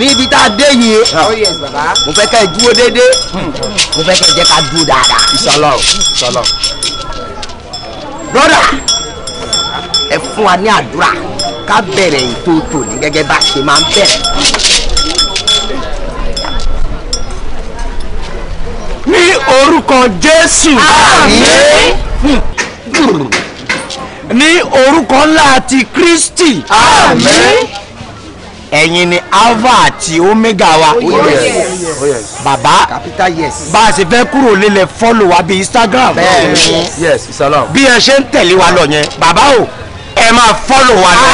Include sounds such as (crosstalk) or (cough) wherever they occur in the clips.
níbi tá a dé yìí ah. oh, mo fẹ́ kẹ́ ẹ dúró dédé hmm. mo fẹ́ kẹ́ ẹ jẹ́ ká dúró dáadáa. ìsọlọ ìsọlọ. broda ẹ fún wa ní àdúrà ká bẹ̀rẹ̀ ètò tòní gẹ́gẹ́ bá a ṣe máa ń bẹ̀rẹ̀. ní orúkọ jésù. àmín. Hmm. Hmm. ní orúkọ ńlá ti kristi. àmín ẹ̀yin ni alpha àti omega wa oh, oh, oh, bàbá bá a ṣe fẹ́ kúrò lélẹ̀ fọ́lò wa bí instagram bí ẹ ṣe ń tẹ̀lé wa lọ yẹn bàbá o ẹ máa fọ́lò wa lọ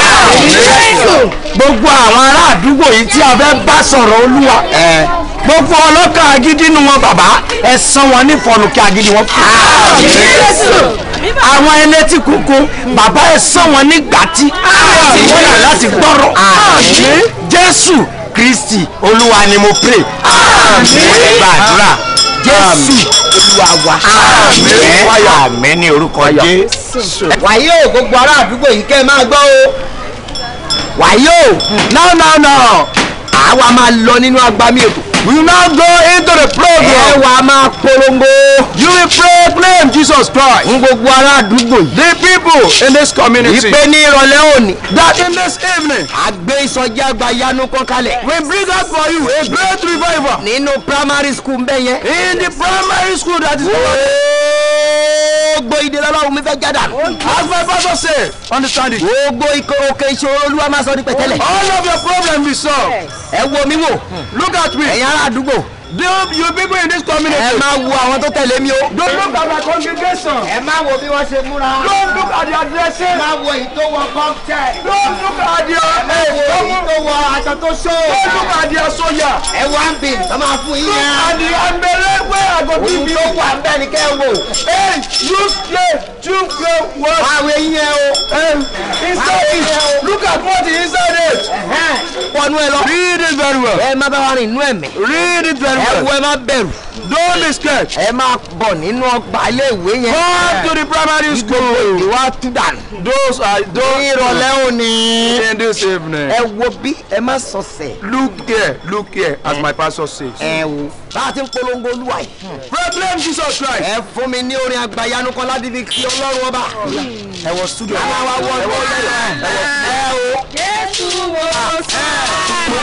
gbogbo àwọn ará àdúgbò yìí tí a fẹ́ bá sọ̀rọ̀ olúwa gbogbo ọlọ́kà agídí nu wọn bàbá ẹ san wọn ní fọnù kí agídí wọn kú àwọn ẹlẹ́tì kúkú bàbá ẹ̀ sàn wọ́n nígbà tí wọ́n yà láti gbọ́rọ̀ jésù kristi olúwa ni mo pray gbàdúrà jésù olúwa wa àmín ní orúkọ jésù. wàyí o gbogbo ará àdúgbò yìí kẹ́ ẹ máa gbọ́ o wàyí o náà náà náà àwa máa lọ nínú agbami ètò we will now go into the program. ẹ wà á máa polongo. you will pray, proclaim Jesus Christ. n gbogbo ará àdúgbò yìí. the people in this community. ìpè ní ìrọ̀lẹ́ òní. that in this evening. a ìsọjí àgbà yanu kan we bring out for you a great revival. nínú primary school bẹ́ẹ̀ yẹn. in the primary school that is. Whoa gbogbo ìdè lọ́lọ́run mi fẹ́ jádà. agbẹ́ bọ́sọ̀ ṣe. understand it. gbogbo òkè ìṣòro olúwa máa sọ ní pẹ̀tẹ́lẹ̀. all of your problems be solved. ẹ wo mi wò. Hmm. look at me. ẹ̀yin ará àdúgbò. Don't you people in this community. Ẹ máa wo àwọn tó tẹ̀lé mi o. Don't look at my congregation. Ẹ máa wo bí wọ́n ṣe múra. Don't look at their dressing. Máa wo èyí tó wọ kọ́ńtẹ̀. Don't look at their ẹ̀ẹ́dọ́mú. Ẹ máa wo èyí tó wọ aṣọ tó ṣó. Don't look at their sọ́yà. Ẹ wá ń bì tó máa fún yín. Look at the ambẹ̀rẹ̀ wẹ́ àgọ́bí mi. Òun tó wà ń bẹ̀ ni kẹ́ ẹ wò. Ẹ you play you play what. Àwọn eyín ẹ o. Inside it look at what is inside it. Pọ̀nú ẹ lọ. Read it very well. Ẹ má bá wa rìn inú ẹ̀mí. Read it very well ẹ ẹ má bẹ̀rù. don't be scared. ẹ máa bọ̀ nínú ọgbà ilé ìwé yẹn. come to the primary school. gbogbo ìwà tún dànù. those are those. ní ìrọ̀lẹ́ òní. in this evening. ẹ wo bí ẹ má sọ̀sẹ̀. look there look here as my pastor says. ẹ wo bá a ti ń polongo olúwa yìí. problem jesus christ. ẹ fún mi ní orin àgbàyanu kan láti fi kí ọlọ́run ọba. ẹ wọ studio. ara wa wọ ọdún yẹn. ẹ o. jésù wo sọ ara wa.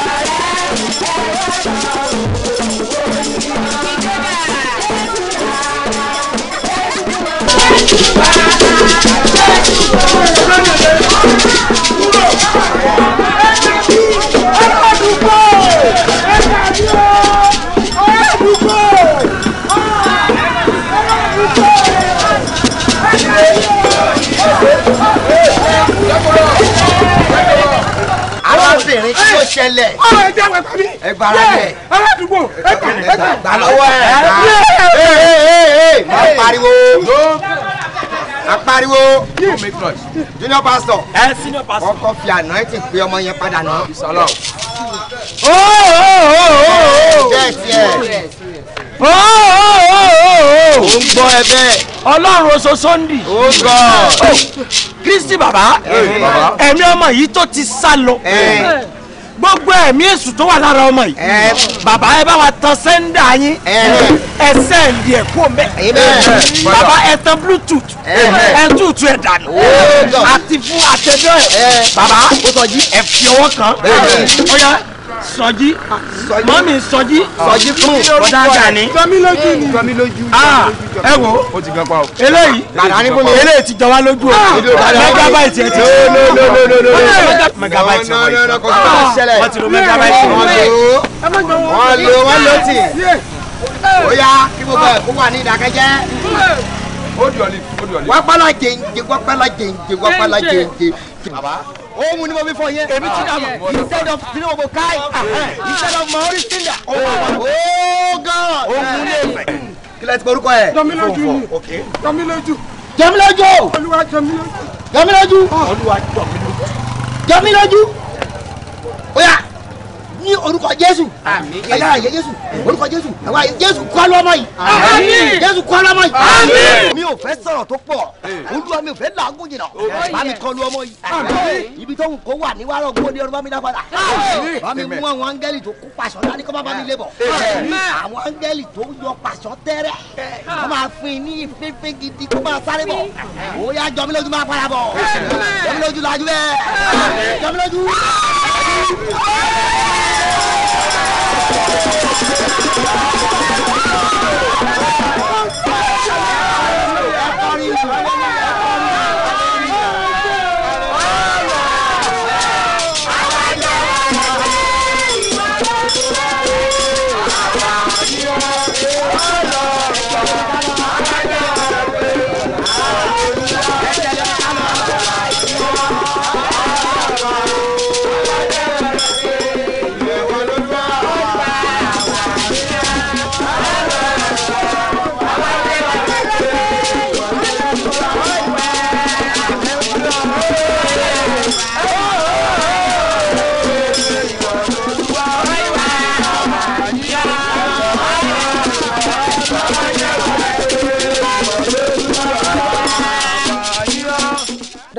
ṣẹlẹ̀. ọ ẹ jẹ́ wẹ̀pẹ̀ mi. ẹ gbà ara rẹ̀. aládùúgbò ẹ gbà ẹ gbà. gbà lọ́wọ́ ẹ̀ gbà. máa pariwo. a pariwo. junior pastor. ẹ senior pastor. ọkọ fi àná ẹ ti pe ọmọ yẹn padà náà. sọlọ. bẹ́ẹ̀ tiẹ̀. ó ń gbọ́ ẹ bẹ́ẹ̀ ọlọ́run oṣù sunday kristi baba ẹ̀mí ọmọ yìí tó ti sá lọ gbogbo ẹ̀mí èṣù tó wà lára ọmọ yìí bàbá ẹ bá wa tan sẹ́ńdà yín ẹsẹ̀ ìdí kó mẹ́ bàbá ẹ tan bluetooth ẹ túùtù ẹ̀ dànù àti fún àtẹ̀dọ́ ẹ̀ bàbá ẹ fi ọwọ́ kan ọ̀ya sọjí mọ́mí sọjí sọjí fún bọ́dá Gani. jọmí lójú ni jọmí ah, lójú. ẹ wo eléyìí eléyìí ti jọ wá lójú o ah, megabyte ẹ ti. megabyte wọ́n ti lo megabyte wọ́n lo wọ́n lo wọ́n lo tì ó yá kí gbogbo ẹ̀ kó wà ní ìdákẹ́jẹ́ wọ́pẹ́lá jẹ̀ǹjẹ̀ wọ́pẹ́lá jẹ̀ǹjẹ̀ wọ́pẹ́lá jẹ̀ǹjẹ̀ ohun ni mo fi fọ yẹn èmi tún dà mọ instead of tinu gbogbo káì ah, eh. instead of maori sinda oh, oh god ohun ni èfẹ kílẹ̀ tí orúkọ ẹ̀ jọmílójú ni jọmílójú jọmílójú olúwa jọmílójú jọmílójú olúwa jọmílójú jọmílójú oya ní orúkọ jésù ẹlẹ́ra yẹ jésù orúkọ jésù àwọn àyè jésù kọ́ lọ́mọ yìí àmín jésù kọ́ lọ́mọ yìí àmín. mi ò fẹ́ sọ̀rọ̀ tó pọ̀ olúwa mi ò fẹ́ làágùn jìnnà bá mi kọlu ọmọ yìí àmín ibi tó wù kó wà ní wàrà ògbó ni ọdún bá mi dá padà bá mi mú àwọn áńgẹ́lì tó kú pàṣọ dání kọ́ bá bá mi lé bọ̀ àwọn áńgẹ́lì tó yọ pàṣọ tẹ́rẹ̀ kó máa fin ní ìfẹ́fẹ́ gidi kó máa sáré bọ̀ ó yá jọmílójú máa padà bọ̀ jọmílójú làjú Oh!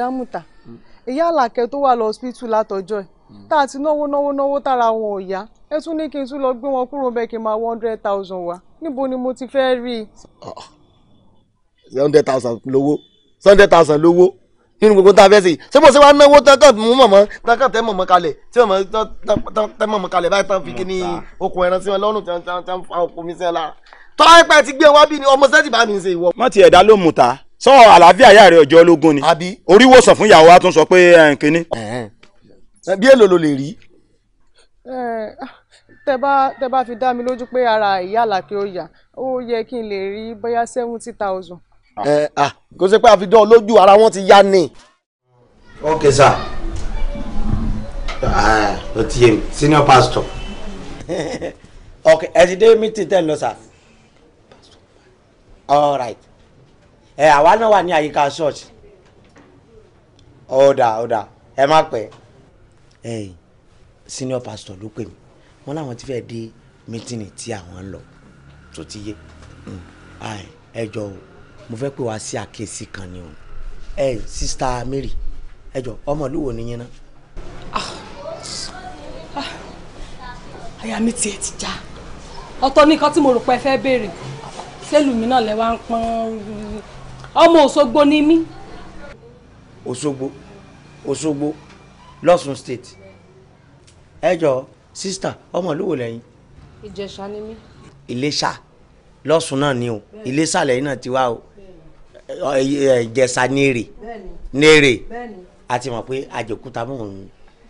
dámùtà ìyá àlàkẹ́ tó wà lọ hospital látọjọ́ ẹ̀ hmm. tá a ti náwó náwó náwó tára wọn ò yá ẹ tún ní kí n tún lọ gbé wọn kúrò bẹ́ẹ̀ kí n máa one hundred thousand wá níbo ni mo ti fẹ́ rí i. one ah, ah. hundred thousand lówó one hundred thousand lówó nínú gbogbo tá a fẹ́ ṣe ṣé mo ṣe wá náwó tẹ́kàn mú mọ̀mọ́ tẹ́kàn tẹ́ mọ̀mọ́ kalẹ̀ tí mọ̀mọ́ tẹ́ mọ̀mọ́ kalẹ̀ báyìí tán fi kíní okùn ẹran sí wọn lọ́rùn tí wọ́n fa okùn mi sí wọn lára tọ́ ẹ pẹ́ ti gbé wá bí ọmọ sẹ́tì bá mi ṣe ìwọ. mọ́tì ẹ̀dá ló mú ta sọ àlàáfíà ìyá rẹ ọjọ́ ológun ni oríwòsàn fún ìyàwó wa tún sọ pé kínní. bí èlò ló lè rí. Ah, tẹ bá tẹ bá fi dá mi lójú pé ara ìyá àlàkè ó yá ó yẹ kí n lè rí bóyá seventy thousand. Ah, kò sí pé àfi dán ara wọn ti yá ni. ok sir ah, ó ti yé mi senior pastor. (laughs) ok ẹ ti dé meeting tẹ́ lọ sir. all right. ẹ àwa náà wà ní àyíká ṣọ́ọ̀ṣì ọdà ọdà ẹ má pẹ́. senior pastor ló pè mí wọn làwọn ti fẹ́ dé mítìnì tí àwọn ń lọ tó ti yé hmm. ẹ jọ o mo fẹ́ pè wá sí àkíyèsí kan ni o ẹ sista Mary ẹ jọ ọmọ ìlú ọmọlúwo ni yín ná. àyà ah, ah, mi tiẹ̀ ti já ọ̀tọ̀ nìkan tí mo rò pé ẹ fẹ́ béèrè sẹ́lùmí náà lẹ wá ń pọ́n ọmọ Òṣogbo ni mí. Òṣogbo Òṣogbo lọ́sùn state ẹ jọ sísítà ọmọ ìlú wo lẹ́yìn. Ìjẹ̀ṣà ni mí. Iléṣà lọ́sùn náà ni o Iléṣà lẹ́yìn náà ti wá o Ìjẹ̀ṣà ní èrè ní mọ̀ pé àjòkúta mọ̀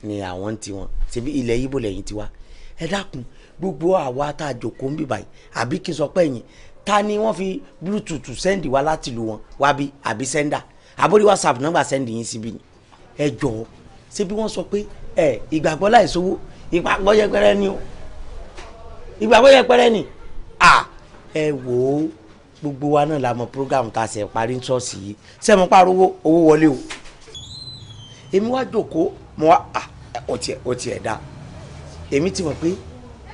ni àwọn ń tiwọn ṣebí ilẹ̀ Yíbò lẹ́yìn tiwa ẹ dákun gbogbo àwa tá a jòkó ń bì báyìí àbí kí n sọ pé ẹ̀yin ta ni wọ́n fi bluetooth sẹ́ndì wa láti lu wọn wá bí àbí sẹ́ndà àbórí whatsapp nọ́mbà sẹ́ndì yín síbí ni ẹ jọ̀ọ́ ṣé bí wọ́n sọ pé ẹ ìgbàgbọ́ láì ìgbàgbọ́ yẹpẹrẹ ni o ìgbàgbọ́ yẹpẹrẹ ni à ẹ wò ó gbogbo wa náà la mọ program tá a ṣe parí ṣọ́ọ̀ṣì yìí ṣé mo pariwo owó owó wọlé o èmi wá jókòó mo wá ọtí ẹ̀ ọtí èmi ti mọ̀ pé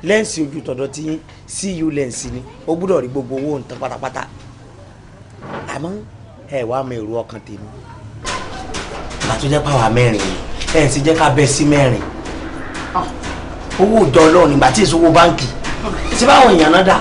lẹ́ǹsì ojú tọ̀dọ̀ ti yín cu lens ni ó gbúdọ̀ rí gbogbo owó nǹkan pátápátá àmọ́ ẹ wàá mọ èrò ọkàn tèmi àtúnjẹ́ pàwà mẹ́rin ẹ̀ sì jẹ́ ká bẹ́ sí mẹ́rin ah, owó ìjọ ọlọ́run nígbà tí ìṣòwò báǹkì ṣé báwọn èèyàn náà dà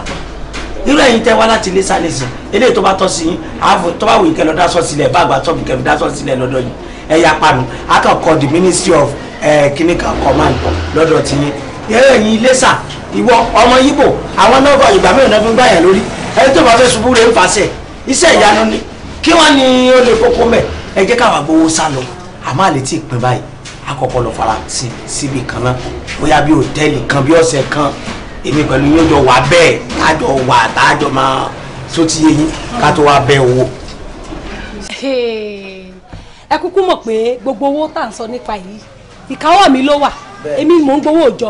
irú ẹ̀yin tẹ́ wá láti ilé sálẹsì eléyìí tó bá tọ́ sí yín àáfò tó bá wù kẹ́ lọ dá sọ sílẹ̀ bá àgbà tọbù kẹ́ lọ dá sọ sílẹ̀ lọ́dọ̀ yìí ẹ yà panu akọkọ the ministry of eh, clinical command lọ́dọ̀ tiyín ẹ̀yin ilé sà ìwọ ọmọ yíbò àwọn náà bọ̀ ìgbà mẹ́rin náà fi ń gbàyàn lórí ẹni tó bá fẹ́ ṣubú rẹ̀ ń fàṣẹ iṣẹ́ ìyanu ni kí wọ́n ní ó lè kókó mẹ́ ẹ jẹ́ káwa gbowó sá lọ àmọ́ àlè tí ì pín báyìí àkọ́kọ́ lọ fara sí síbi kan náà bóyá bí hòtẹ́ẹ̀lì kan bí ọ̀sẹ̀ kan èmi pẹ̀lú yín jọ wà bẹ́ẹ̀ tájọ wà tájọ máa tó ti yé yín ká tó wá bẹ́ẹ̀ owó. ẹ kúkú mọ̀ pé gbogbo owó tá à ń sọ nípa yìí ìkáwọ́ mi ló wà èmi mò ń gbowó òjọ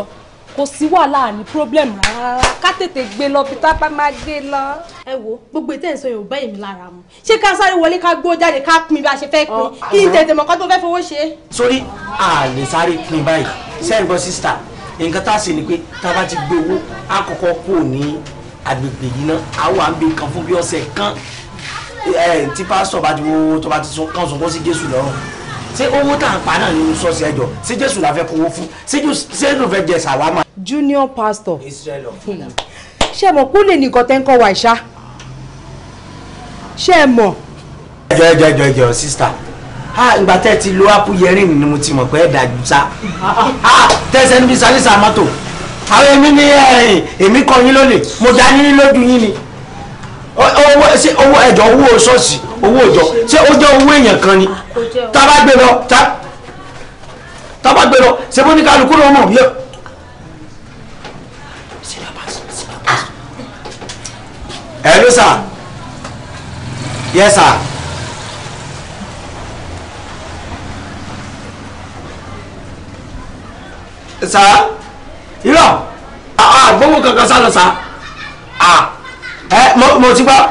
kò sí wàhálà ní problem rárá ká tètè gbé lọ bí tápá máa gbé lọ. ẹ wo gbogbo ètò ìsọ yóò bá èmi lára mu ṣé ká sáré wọlé ká gbó jáde ká pin bí a ṣe fẹ́ pin kí n tètè mọ̀ kó tó fẹ́ fowó ṣe. sórí a lè sáré pin báyìí sẹ́ǹgbọ́n sísítà nǹkan tá a ṣe ni pé tá a bá ti gbé owó kọ́kọ́ kó ní agbègbè yìí náà á wà ń bẹ kan fún bí ọ̀sẹ̀ kan tí pásítọ̀ bá ti wo tó bá ti kàn sùn sí Jésù lọ́rùn ṣé owó tá à ń pa náà nínú ṣọ́ọ̀ṣì ẹjọ́ ṣé jésù la fẹ́ kówó fún ṣé jésù fẹ́ jẹ sàwámà. junior pastor hmm. ṣé mọ̀ kó lè nìkan tẹ́ ń kọ́ wa ìṣá ṣé mọ̀. ẹjọ ẹjọ ẹjọ ẹjọ sista ha ìgbà tẹ́ ti lo apu yẹrin ni mo ti mọ̀ pé ẹ dájú sá tẹsẹ níbi sálísà mọ́tò àwọn èmi ni eh, èmi kọ yín lónìí mo dá yín lójú yín ni owó ṣe owó ẹ̀jọ̀ owó ṣọ́ọ̀ṣì owó òjọ ṣé ó jẹ́ owó èèyàn kan ni tába gbé lọ tába gbé lọ ṣe bó ní kálukú ló mọ̀ yẹ. hello sir yes sir. sir irọ́ àgbọ̀wọ́ ah, ah, kankan sá lọ sá ẹ mo ti gbọ́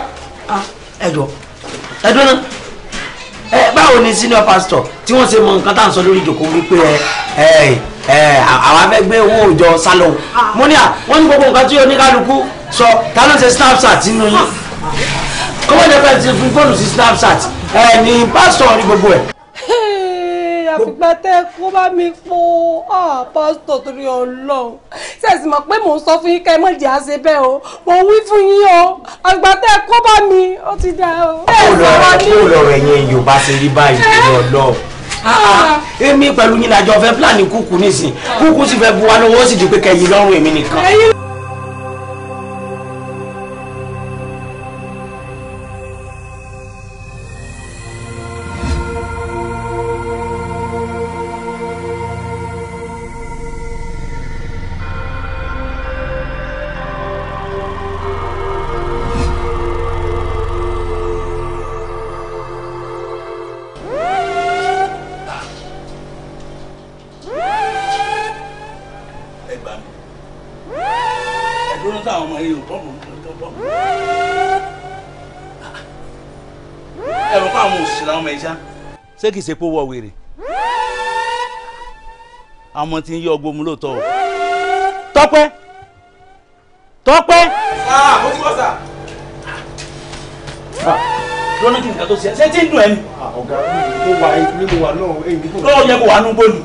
ah. ẹ̀dọ̀ ẹ̀dọ̀ náà ẹ báwo ni senior pastor tí wọ́n ṣe mọ nǹkan tá à ń sọ lórí ìjòkó wípé ẹ ẹ àwọn afẹ́gbẹ́ owó òòjọ́ salon ah. mo ní à wọ́n ní gbogbo nǹkan tí oníkálukú sọ ta ló ṣe snapchat nínú yín ah. kọ́mọ̀dé pẹ̀lú ti fi fóònù sí snapchat ẹ ní pastor ní gbogbo ẹ̀. (laughs) àfìgbà tẹ́ kó bá mi po ah, pásítọ̀ torí ọlọ́run ṣèṣì mọ̀ pé mò ń sọ fún yín ká ẹ mọ̀ jẹ́ àṣẹ bẹ́ẹ̀ o mò ń wí fún yín o àgbà tẹ́ kó bá mi ó ti dá o. kí ò ẹ̀yìn yorùbá ṣe rí báyìí torí eh? ọlọ́run ah, ah. èmi pẹ̀lú yín lájọ fẹ́ fúlàní kúkú nísìn kúkú sì fẹ́ bu lọ́wọ́ ó sì di pé kẹ́yìn lọ́rùn èmi nìkan. ṣé kìí ṣe pé wọ wèrè àwọn tí ń yọ ọgbọ́n mu lóòótọ́ o tọ́pẹ́ tọ́pẹ́. Ah, mo ti kọ́ sà. Ah, lọ́nà kí nǹkan tó ṣe ṣé tí ń dùn ẹ́ ni. Ah, ọ̀gá mi wà ní mo náà èyí tó. lọ́wọ́ yẹ kó wà nú gbóni.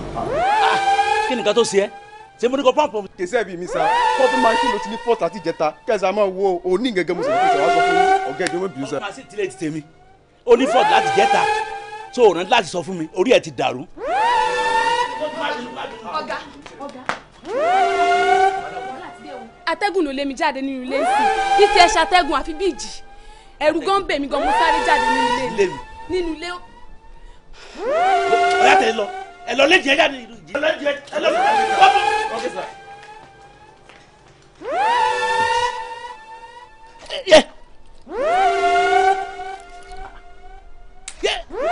kí nǹkan tó ṣe ẹ́ ṣé mo ní ko pọ́ǹpù. kèsì ẹ̀bí mi sa pọ́ǹpù máa ń kí ló ti ní fọ́ọ̀tà àti ìjẹta kẹsàn-án máa wo òní gẹ́gẹ́ mo sì ní kí sọ wá sọ fún ọ̀gá ìjọba ìbí sa. ọ̀gá sì tilẹ̀ ti tèmi ó ní fọ́ọ̀tà àti ìjẹta so ọ̀ràn láti sọ fún mi orí ẹ̀ ti dàrú. ọ̀gá ọ̀gá atẹ́gùn ló lé mi jáde nínú ilé nsì kí tiẹ̀ ṣàtẹ́gùn àfi bí ìjì ẹ̀rù gan ń bè mí gan mo sáré jáde nínú ilé nínú ilé. ọ̀yá tẹ̀lé lọ ẹ lọ léjì jáde ìlú ìjì ẹ lọ léjì ẹ lọ léjì ẹ Yeah. yeah.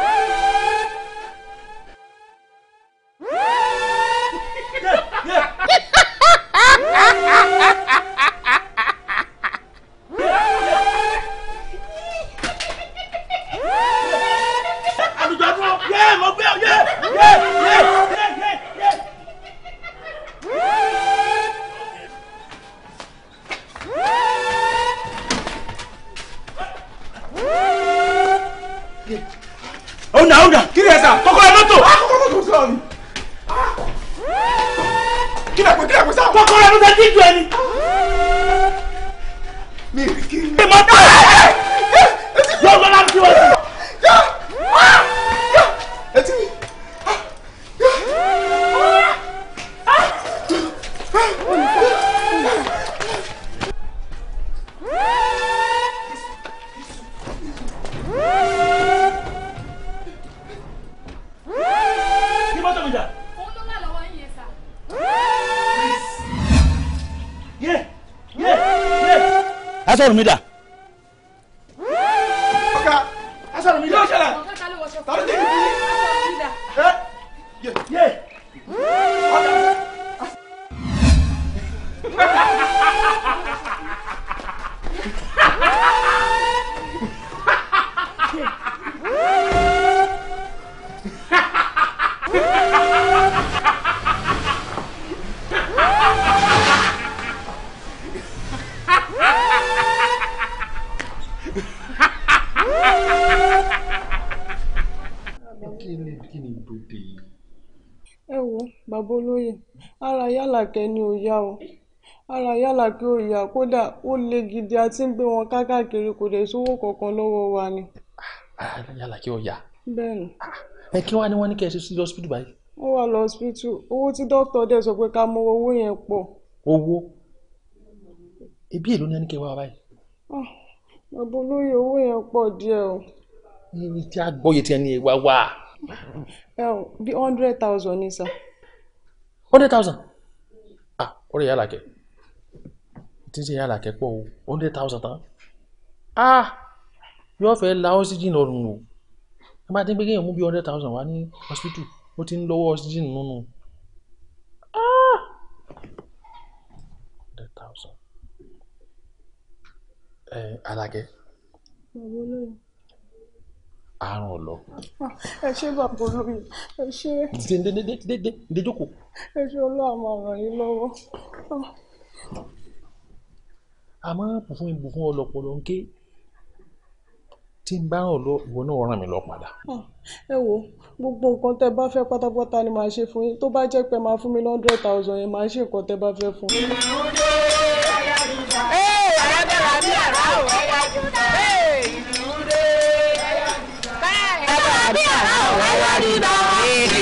yeah. mira, ara Yàlàkẹ́ ni ò yá o ara Yàlàkẹ́ ò yá kódà ó le gidi a ti ń gbé wọn káàkiri kò dẹ̀ sówó kankan lọ́wọ́ wa ni. Ah, ara Yàlàkẹ́ ò yá. bẹ́ẹ̀ni. Ah, ẹ kí wàá ní wọ́n ní kí ẹ ṣe sí lọ́sibítù báyìí. ó wà lọ́sibítù owó tí dókítà dẹ̀ sọ pé ká mọ owó yẹn pọ̀. owó ebi èlò ni ẹni kẹ wá báyìí. Ah, bàbá olóyè owó yẹn pọ̀ díẹ̀ o. ní ti àgbọ̀yé tí ẹni wá wá. bí hundred thousand ni sir hundred thousand ah ọ̀rẹ́ yàrá kẹ tí ń ṣe yàrá kẹ pọ̀ o hundred thousand tán ah yóò fẹ́ la oxygen ọ̀run o ẹ bá ti ń gbé kéèyàn mú bí hundred thousand wá ní hospital ó ti ń lọ́wọ́ oxygen nínú ah hundred thousand ẹ eh, alákẹ́ àrùn lọ. ẹ ṣe bàbá olóyè ẹ ṣe. dèdè jókòó. ẹ ṣe ọlọ́run máa ràn yín lọ́wọ́. àmọ́ bùfún ìbùfún ọlọ́pọ̀lọ́ ń ké tí n bá ràn lọ ìwọ náà ràn mí lọ padà. Hmm. ẹ wo gbogbo nǹkan tẹ bá fẹ́ pátápátá ni màá ṣe fún yín tó bá jẹ́ pé màá fún mi ní hundred thousand yẹn màá ṣe nǹkan tẹ bá fẹ́ fún. ìlú dé ayájú ta. ẹ ẹ ayájú ta bí àrà ò ayájú ta. I, I, I, I,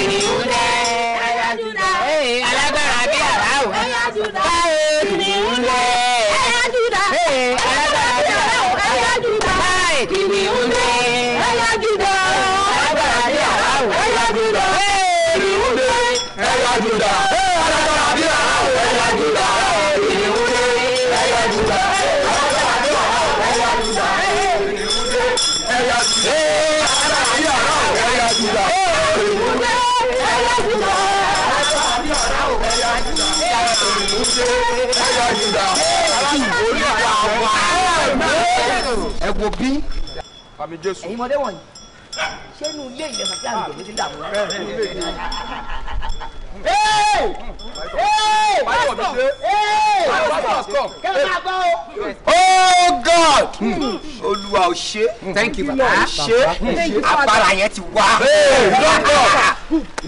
mo bí. àmì jésù. ẹ̀yin mọdé wọ̀nyí ṣé inú ilé ilẹ̀ sọ pé àgbẹ̀ ló ti dààmú. pásítọ̀ pásítọ̀ kẹ́lẹ́ gbọ́ o oh god hmm. Hmm. olúwa hmm. ò ṣe thank you baba ṣe agbára yẹn ti wá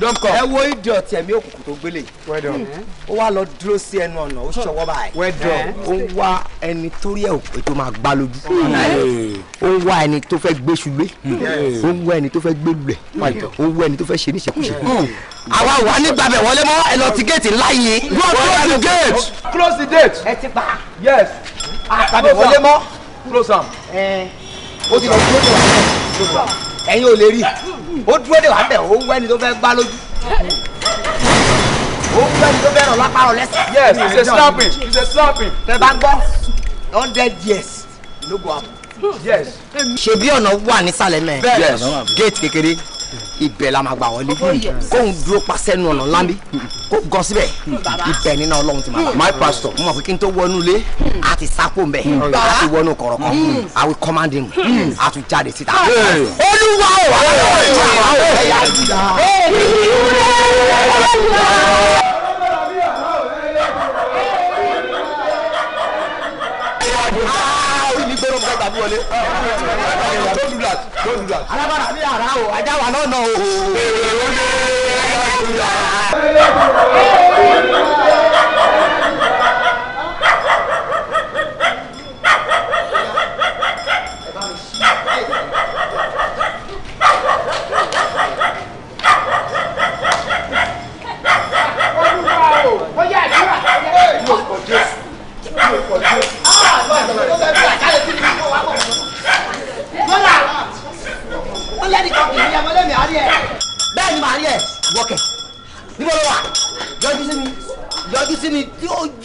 dọ́kọ̀ ẹ wo ìdí ọ̀tí ẹ̀mí òkùnkùn tó gbélé ó wá lọ dúró sí ẹnu ọ̀nà ó ṣọwọ́ báyìí ó ń wá ẹni tó rí ẹ̀ tó máa gbá lójú ó ń wá ẹni tó fẹ́ gbé ṣulé ó ń wá ẹni tó fẹ́ gbé lulẹ̀ ó ń wá ẹni tó fẹ́ ṣe ní ìṣẹ̀kúṣe. àwa wà nígbà bẹ̀ wọlé mọ́ ẹ lọ ti géètì láàyè. close the gate. close the gate. ẹ ti pa. yes. Ah, àpàdé wọlé mọ́. close am. ó ti lọ dúró dè wá ẹ̀yin ò lè rí ó dúró dè wá bẹ̀ ó ń wẹ́ni tó fẹ́ gbá lójú O ń wẹ́ni tó fẹ́ rọ̀ lápá rọ̀ yes it's a slapping it's a slapping. tẹ bá gbọ́ hundred years ló gbọ́ àbọ̀. yes. ṣebí ọ̀nà wà nísàlẹ̀ mẹ́ẹ̀. Yes. gate kékeré ibẹ̀ la máa gbà wọlé oh, kóun dúró pa sẹ́nu ọ̀nà lámì kó gan síbẹ̀ ibẹ̀ nínú ọlọ́run ti máa bá my pastor mo mọ̀ pé kí n tó wọnú ilé hmm. a ti sáko mbẹ́ hmm. a ti wọnú kọ̀rọ̀ hmm. a wí command him a tún jáde síta. olúwa o. don't do that. o ajá wa lọ́nà o.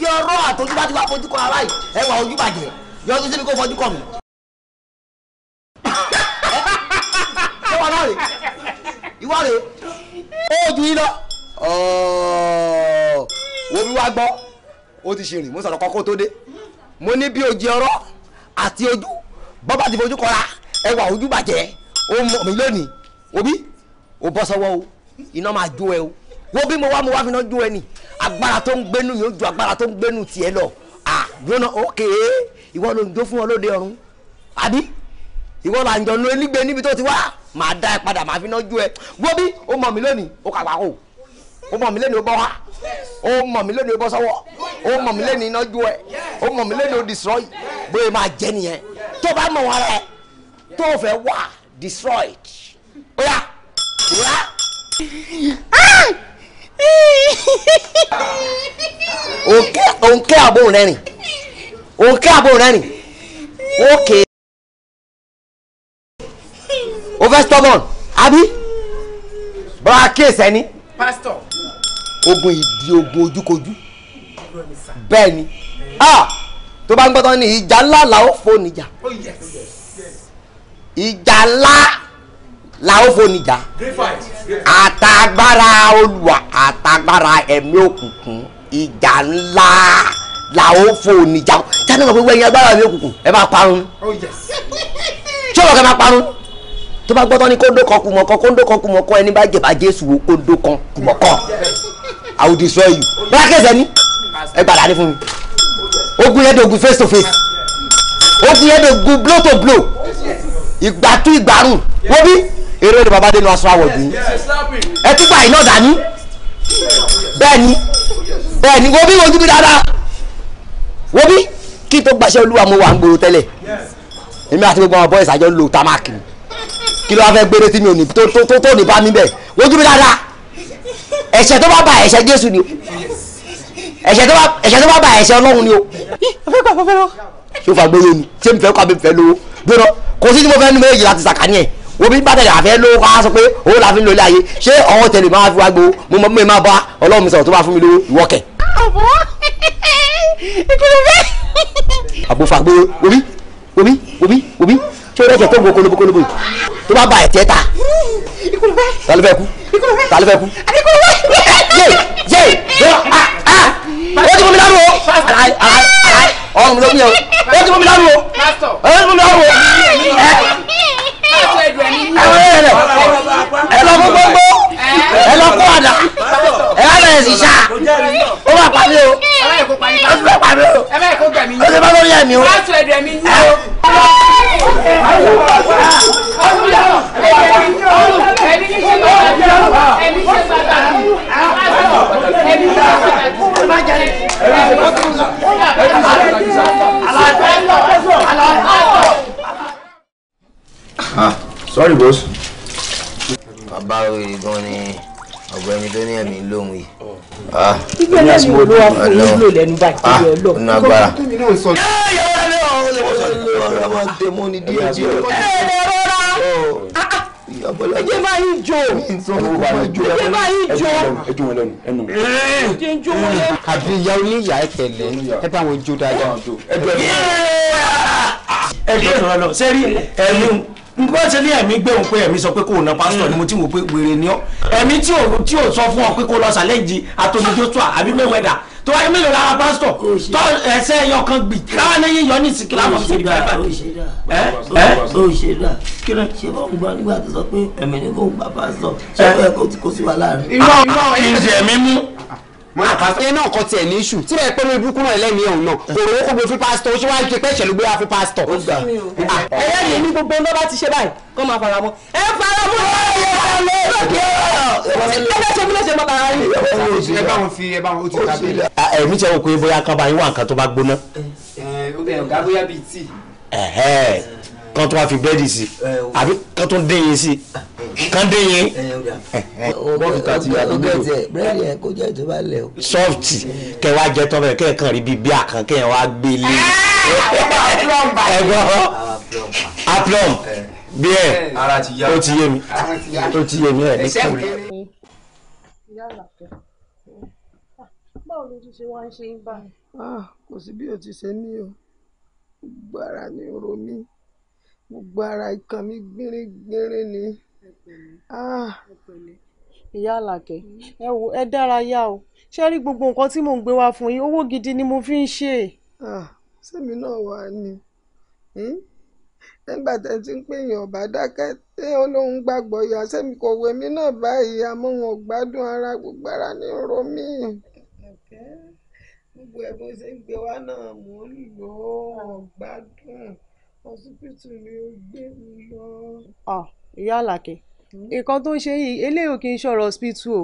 fi ọ̀rọ̀ àtọjúbá tí wàá fojú kan ara yìí ẹwà ojú bàjẹ́ yọ tó síbi kó fojú kàn mí. ẹ wà náà rè ìwà rè ó ju yín lọ wo bí wàá gbọ́ ó ti ṣe rìn mo sọ̀rọ̀ kọ́kọ́ tó dé mo ní bí ojú ọ̀rọ̀ àti ojú bọ́bá ti fojú kọ́ra ẹwà ojú bàjẹ́ ó mọ̀ mí lónìí òbí ó bọ́ sọ́wọ́ o iná máa jó ẹ o wo bí mo wá mo wá fi náà jó ẹni agbára tó ń gbénu yóò ju agbára tó ń gbénu tiẹ̀ lọ ah gbóná òkè ìwọ ló ń jó fún ọ lóde ọ̀run àbí ìwọ là ń jọ nu enígbe níbi tó ti wá màá dá ẹ padà màá fi náà jó ẹ wo bí ó mọ̀ mí lónìí ó kà pàkó ó mọ̀ mí lónìí ó bọ́ wá ó mọ̀ mí lónìí ó bọ́ sọ́wọ́ ó mọ̀ mí lónìí iná jó ẹ ó mọ̀ mí lónìí ó destroy bóyá máa jẹ́ nìyẹn tó bá mọ̀ wọn rẹ tó fẹ́ wà destroyed ó yà ó yà òǹkẹ́ àbóhùn rẹ̀ rìn òǹkẹ́ àbóhùn rẹ̀ rìn òkè o fẹ́ stubborn àbí bọ́lá kíyèsí ẹni. pásítọ̀. ogun ìdí ogun ojúkojú bẹ́ẹ̀ ni tó bá ń gbọ́dọ̀ ní ìjà ńlá làó fò níjà oh, ìjà ńlá la ó fonijà àtàgbára olùwà àtàgbára ẹ̀mí òkùnkùn ìjà ńlá la ó fonijà jáde wọn pé wẹ́yìn agbára ẹ̀mí òkùnkùn ẹ bá parun tí ó wọ́n kẹ́ bá parun tó bá gbọ́tọ́ ní kóńdó kan kùmọ̀ kan kóńdó kan kùmọ̀ kan ẹni bá jẹ̀bá jésù wo kóńdó kan kùmọ̀ kan I will destroy you bóyá kẹsẹ̀ ni ẹ gbàdá ní fún mi ogun yẹn dogun face to face ogun yẹn dogun blow to blow ìgbà tún ìgbà rùn wọ́n bí eré ni baba dénú aṣọ àwọ̀dù ẹ tún gba iná dání bẹ́ẹ̀ni bẹ́ẹ̀ni wo bí wojú mi dáadáa wo bí kí tó gbaṣẹ́ olúwa mo wà ń gbòòrò tẹ́lẹ̀ èmi àti gbogbo àwọn boys àjọ ń lo Tamaki. ni kí ló wá fẹ́ gbére tí mi ò ní tó tó tó ní bá mi bẹ̀ wojú mi dáadáa ẹ̀ṣẹ̀ tó bá ba ẹ̀ṣẹ̀ Jésù ni o ẹ̀ṣẹ̀ tó bá ẹ̀ṣẹ̀ tó bá ba ẹ̀ṣẹ̀ Ọlọ́run ni o. ọ̀fẹ́ kọ́ ọ̀fẹ́ lọ. ṣé o fà gbóyè ni ṣé mi fẹ́ kọ́ àbí mi fẹ́ lówó gbéra kò sí tí mo fẹ́ nu méjì láti sàkání ẹ̀ wo bí bàtẹ̀ àfẹ́ ló wá sọ pé owó la fi ń lo ilé ayé ṣé ọwọ́ tẹ̀lé máa fi wá gbó mo mọ mi máa bá ọlọ́run mi sọ̀rọ̀ tó bá fún mi lówó ìwọ́kẹ̀. àbòfà gbé omi omi omi omi ṣé o rẹ́jẹ̀ tó gbó kólóbó kólóbó yìí tó bá ba ẹ̀tẹ́ ta ta ló fẹ́ kú ta fẹ́ kú. yé yé yé a a o ti fún mi lánàá o ọrùn mi ló mú yẹ o o ti fún mi lánàá o. ṣe bá lórí ẹ̀mí o. Ah, sorry boss. bàbá òye gan ni ọ̀gbẹ́ni tó ní ẹ̀mí lóhun yìí. gbígbé lẹ́nu ìlú wa kò nílò lẹ́nu báyìí torí ọlọ́ọ̀. nínú agbára. Ẹjẹ bá yín jó. Ẹjẹ bá yín jó. Ẹjọ wọn lẹ́nu ẹnu. Ẹjẹ ń wọn lẹ́nu. Àbí ìyá oníyà ẹ̀kẹ̀lẹ̀ ẹ bá wọn jó dáadáa. Ẹjọ ẹ lọ. Ẹjọ ẹ lọ bó ṣe ní ẹ̀mí gbé òun pé ẹ̀mí sọ pé kò na pásítọ̀ ni mo ti wò pé wèrè ni ọ́ ẹ̀mí tí ò sọ fún ọ pé kò lọ sàlẹ́jì àtòní àbí mẹ́wẹ́dà tó wáyé mélòó lára pásítọ̀ tó ẹsẹ̀ ẹyọ kan gbì káwọn ẹyìn yọ ní ìsìnkú láwọn fi gbà ẹ ẹ o ṣe kí ló ṣe bá òun nígbà tó sọ pé ẹ̀mí ni kò gbà pásítọ̀ ṣé ẹ kò sí wa láàrin inú ọkọ tiẹ̀ ní iṣu tí bẹ́ẹ̀ pé lórí burúkú náà ẹlẹ́mìí ọ̀hún náà kò rówó kó gbé fún pásítọ̀ ó ṣe wá jẹ pé ẹ̀ṣẹ̀ ló gbé wá fún pásítọ̀. Ah, ẹlẹ́mìí ní gbogbo ló bá ti ṣe báyìí kó máa fara mọ́ ẹ fara mọ́ ẹ bá wọn fi ẹ bá wọn ó ti tàbí. Ah, ẹ̀mí ṣe wò pé bóyá kábàáyé wà nǹkan tó bá gbóná. ọ̀gá bóyá bíi tíì kan tó wá fi bẹ́ẹ̀dì sí àbí kan tó dín yín sí kan dín yín. bọ́ọ̀lù kàti yàtọ̀ nílò bẹ́ẹ̀dì yẹn kó jẹ́ ìjọba lẹ̀ o. sọ́ọ̀tì kẹ wá jẹ tán bẹ́ẹ̀ kẹ́ẹ̀kan rí bíi bíà kan kẹ́ẹ̀ wá gbé lé. Ah! ẹ̀gbọ́n aplom ah, ah, eh, bí ẹ eh, ó ti yé mi ó ti yé mi ẹ ní kúrò. báwo ló ti ṣe wá ń ṣe ń bá. kò sí bí o ti ṣe ní o gbára ni o ro mí gbogbo ara ikàn mi gbínrín gbínrín ni ah. ìyá alákẹ́ hmm. ẹ wò ẹ dára yá o ṣe rí gbogbo nǹkan tí mò ń gbé wá fún yín owó gidi ni mo fi ń ṣe. sẹ́mi ah, náà wà ní hmm? nígbà tẹ́ ti ń pè yàn ọ̀bá dákẹ́ tí olóhùn gbàgbọ́ yà sẹ́mi kò wé mi náà báyìí àmọ́ wọn ò gbádùn ara gbogbo ara ní ro mí. gbogbo ẹ̀ bó ṣe ń gbé wá náà mò ń lò ó gbádùn ọsibítù ni ó gbé mi lọ. Ah, ìyá àlàkẹ́ hmm? nǹkan tó ń ṣe yìí eléyìí kì í ṣọ̀rọ̀ ọsibítù o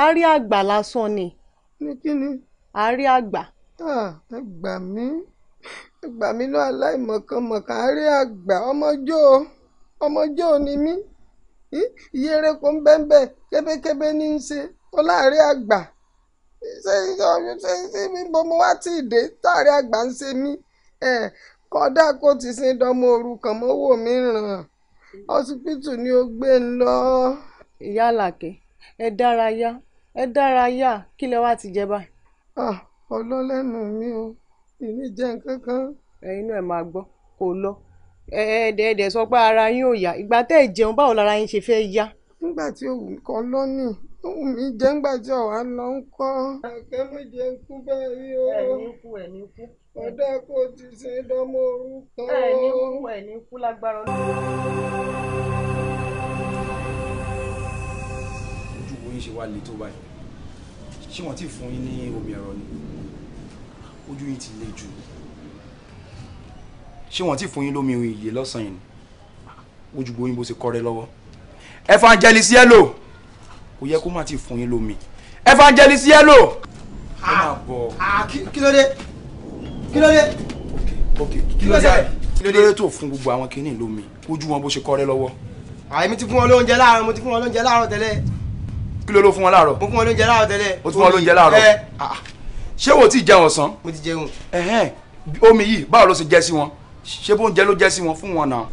àárí hmm? àgbà lásán ni. ní kíni. àárí àgbà. Ah, ẹ gbà mí ẹ gbà mí lọ aláìmọ̀kànmọ̀kàn àárí àgbà ọmọjọ́ ọmọjọ́ ni mí ìyẹ́rẹ́ hmm? kò ń bẹ́ńbẹ́ kébékébé ní í ṣe ó láàárín àgbà ṣé ṣé ṣé mi bọ́ mo wá tí ì dé táàrí àgbà ń ṣe mí eh, kódà kó ti sin dánmọ orúkọ mọ́wọ́ mi ràn ọsibítù ni ó gbé ń lọ. ìyá àlàkẹ́ ẹ dárayá ẹ dárayá kí lẹ wá ti jẹ báyìí. Ah, ọlọ́lẹ́nu mi ò ìní jẹ́ nǹkan kan. ẹ̀yin náà ẹ máa gbọ́ kò lọ ẹ̀ẹ́dẹ̀ẹ̀dẹ̀ sọ pé ara yín ò yá ìgbà tẹ́ ẹ̀ jẹun báwo lára yín ṣe fẹ́ yá. nígbà tí òun kọ lọ́nìí ohun mi jẹ́ ńgbà tí ọ̀wá lọ ń kọ́. àkẹ́mọ̀jẹ ń kú báyìí o. ẹ̀ní kú ẹ̀ní kú. ọ̀dà kò ti ṣe é dánmọ́ orúkọ. ẹ̀ní kú ẹ̀ní kú lágbára ọlọ́run. ojú wo yín ṣe wá le tó báyìí ṣé wọ́n ti fún yín ní omi ẹ̀rọ ni ojú yín ti le jù ṣé wọ́n ti fún yín lómi ìyè lọ́sàn-án yìí ni ojú gbóyìnbó ṣe kọ́rẹ́ lọ́wọ́ evangelist yellow kò yẹ kó má ti fún yín lómi evangelist yellow. Ah, ẹ máa bọ̀. Ah, kí ló dé kí ló dé. kí ló dé kí ló dé tó fún gbogbo àwọn kìnnìún lómi ojú wọn bó ṣe kọ́rẹ́ lọ́wọ́. àyèmí ah, ti fún wọn lóúnjẹ láàárọ̀ mo ti fún wọn lóúnjẹ láàárọ̀ tẹ́lẹ̀. kí ló ló fún wọn láàárọ̀. mo fún wọn lóúnjẹ láàárọ̀ tẹ́lẹ̀. o ti fún wọn lóúnjẹ láàárọ̀. ṣé wo ti jẹun ọ̀sán. mo ti jẹun. omi yìí báwo ló ṣe jẹ́ sí wọn ṣé bóúnjẹ ló jẹ́ sí wọn fún wọn náà.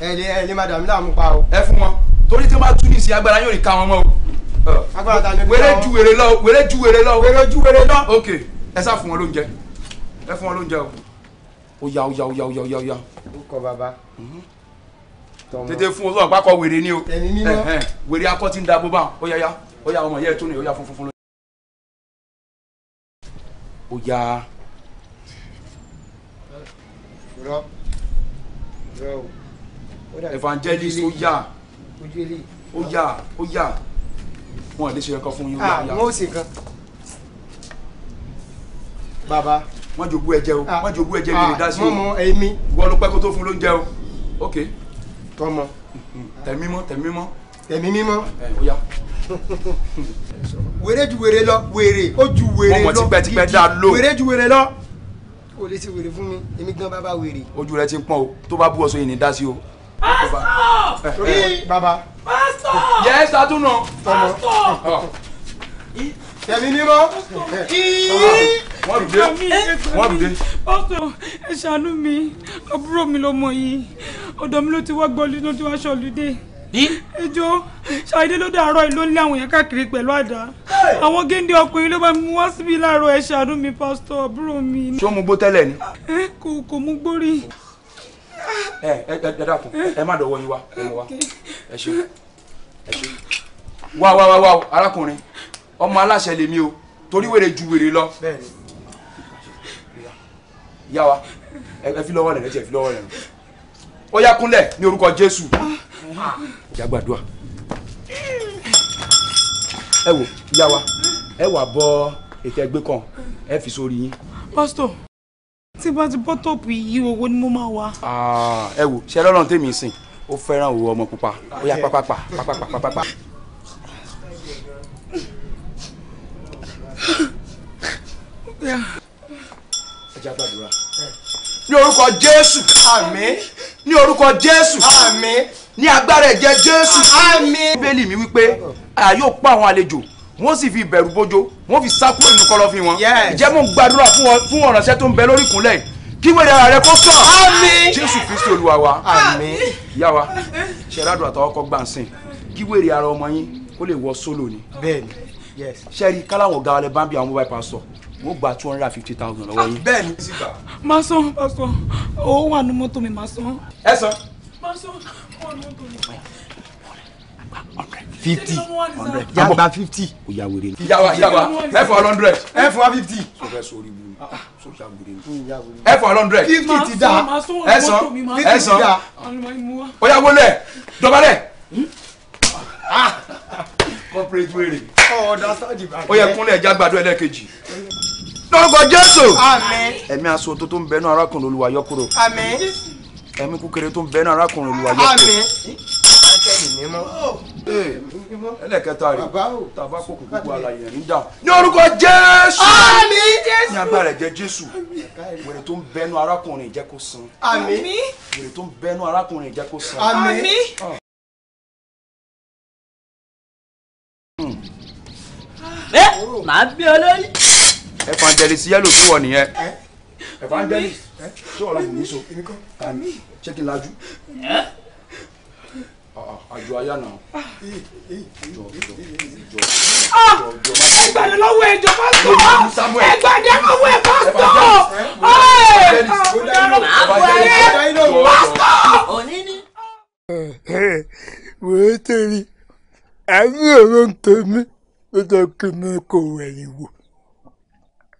ẹ lè ẹ lè má dàmí láàmú pa o. ẹ fún wọn torí tí wọn bá tún ní ìsìn agbára yóò rí ká wọn mọ́ o agbára ta ló ní. wéré ju wéré lọ wéré ju wéré lọ. wéré ju wéré lọ. ok ẹ sá fún wọn lóúnjẹ ẹ fún wọn lóúnjẹ o. ó ya ó ya ó ya ó ya ó ya ó ya. ó kọ bàbá. Mhm. tètè fún olóògbé akọ wèrè ni o. ẹni nínú. wèrè akọ ti ń da bó bá ó ya ya ó ya ọmọ yẹ ẹ tó ní ó ya fún fún lóúnjẹ. ó ya. rọ rọ o. evangelist ó yà ó yà ó yà wọn ò lè ṣe nǹkan fún yín. àwọn ò sì kan. bàbá wọn jogún ẹ̀jẹ̀ o wọn ah. jogún ẹ̀jẹ̀ mi lè dá ah, sí o wọn mọ èmi. wọn ló pẹ́ kó tó fún lóúnjẹ o ok. tọmọ. tẹ̀mí mọ́ tẹ̀mí mọ́. tẹ̀mí mímọ́. ẹ o yá (laughs) wèrè ju wèrè lọ wèrè ó ju wèrè lọ gidi wèrè ju wèrè lọ o lè ti wèrè fún mi èmi gan bàbá wèrè. ojú rẹ ti ń pọ́n o tó bá bú ọsọ yìí ní dá sí o. pásítọ̀ torí baba. pásítọ̀. yẹ ẹ sàtúnà. pásítọ̀. tẹ̀mí ní mọ́. wọ́n dùdé wọ́n dùdé. pásítọ̀ ẹ ṣàánú mi àbúrò mi lọmọ yìí ọ̀dọ̀ mi ló ti wá gbọ́lú ló ti wá ṣọlùdé Ejo, ṣàìdé ló dàárọ̀ ìlú ní àwọn yẹn káàkiri pẹ̀lú àdá àwọn géńdé ọkùnrin ló bá mú wá síbi láàárọ̀ ẹ ṣàánú mi pásítọ̀ àbúrò mi. ṣé o mú gbó tẹ́lẹ̀ ni. ẹ kò kò mú gbórí ẹ ẹ ẹ dákun ẹ má dọwọ́ yín wá ẹ mọ wá ẹ ṣe ẹ ṣe wá wá wá wá arákùnrin ọmọ aláṣẹ lèmi o torí wèrè ju wèrè lọ yá wa ẹ fi lọ́wọ́ rẹ̀ lẹ́jẹ̀ fi lọ́wọ́ rẹ̀ nù ó yá kúnlẹ̀ ní orúkọ Jésù ìyá gbàdúrà ẹ wò yá wa ẹ wà bọ ètò ẹgbẹ́ kan ẹ fi sórí yín. pásítọ̀ tí bá ti bọ́tọ̀pù yìí owó ni mo máa wá. Ah, ẹ wò ṣe lọ́rùn tèmi sìn ó fẹ́ràn òwò ọmọ pupa ó yá pápápá ní orúkọ jésù àmín ní orúkọ jésù àmín ní agbára ẹ̀jẹ̀ jésù àmín. bíbélì mi wípé àyà yóò pa àwọn àlejò wọ́n sì fi ìbẹ̀rù bójó wọ́n fi sá kúrò nínú kọ̀lọ̀fín wọn. jẹ́ mo gbàdúrà fún ọ̀ránṣẹ́ tó ń bẹ lórí ìkúnlẹ̀ kí wẹ́rẹ́ ara rẹ kó sàn. àmín. jésù kristu olúwa wa. àmín. yá wa ṣẹládùn àtàwọn ọkọ gbàǹsìn kí wẹ́rẹ́ ara ọmọ yín kó lè wọ sólò ni. bẹ́ẹ̀ni yes. sẹ́ẹ̀rì káláwọ̀n ga ọlẹ́ bámbí àwọn mobile pastor wọ́n gba two hundred and fifty thousand lọ́wọ́ yín. bẹ́ẹ̀ni síta. máa san máa san owó wà ní mọ́tò mi máa san. ẹ san. máa owó wà ní mọ́tò mi fifty hundred yagba fifty. o ya wèrè ni. yagba yagba ẹ fọ hundred. ẹ fọ fifty. sọfẹ sori bu ah, ah. sọfẹ agbèrè ni. ẹ fọ hundred. fifty ti da ẹ sọ ẹ sọ o ya wọlé dọ̀bálẹ̀. Ah, corporate wèrè. o yẹ kúnlẹ̀ jagbado ẹlẹ́kejì lórúkọ jésù. àmín. ẹ̀mí aṣọ tó tó ń bẹnu arákùnrin olúwa yọ kúrò. àmín. ẹ̀mí kúkere tó ń bẹnu arákùnrin olúwa yọ kúrò kẹ́lì ní mọ́. ẹlẹ́kẹta rẹ̀ tàbá kò kúkú alàyè ń dà. ní orúkọ jésù. àmín jésù. ní agbára ẹ̀jẹ̀ jésù. wèrè tó ń bẹnu arákùnrin jẹ́ kó san. àmín. wèrè tó ń bẹnu arákùnrin jẹ́ kó san. àmín. ẹ hmm. eh, màá bí olórí. evangelist yẹ́lò tó wọ̀ nìyẹn eh? evangelist ṣé ọ̀la bùnmi so ṣé kí n lajú. Eh? àjọ ayá náà jọ jọ jọ jọ má tó. ẹgbàdé lọ́wọ́ ẹjọ́ pásítọ̀ ẹgbàdé lọ́wọ́ ẹ pásítọ̀ ọ̀ẹ́ pásítọ̀. wò ó torí àárín ọ̀rọ̀ ń tó mi ó jẹ́ kí mi kò wẹ̀yìn wò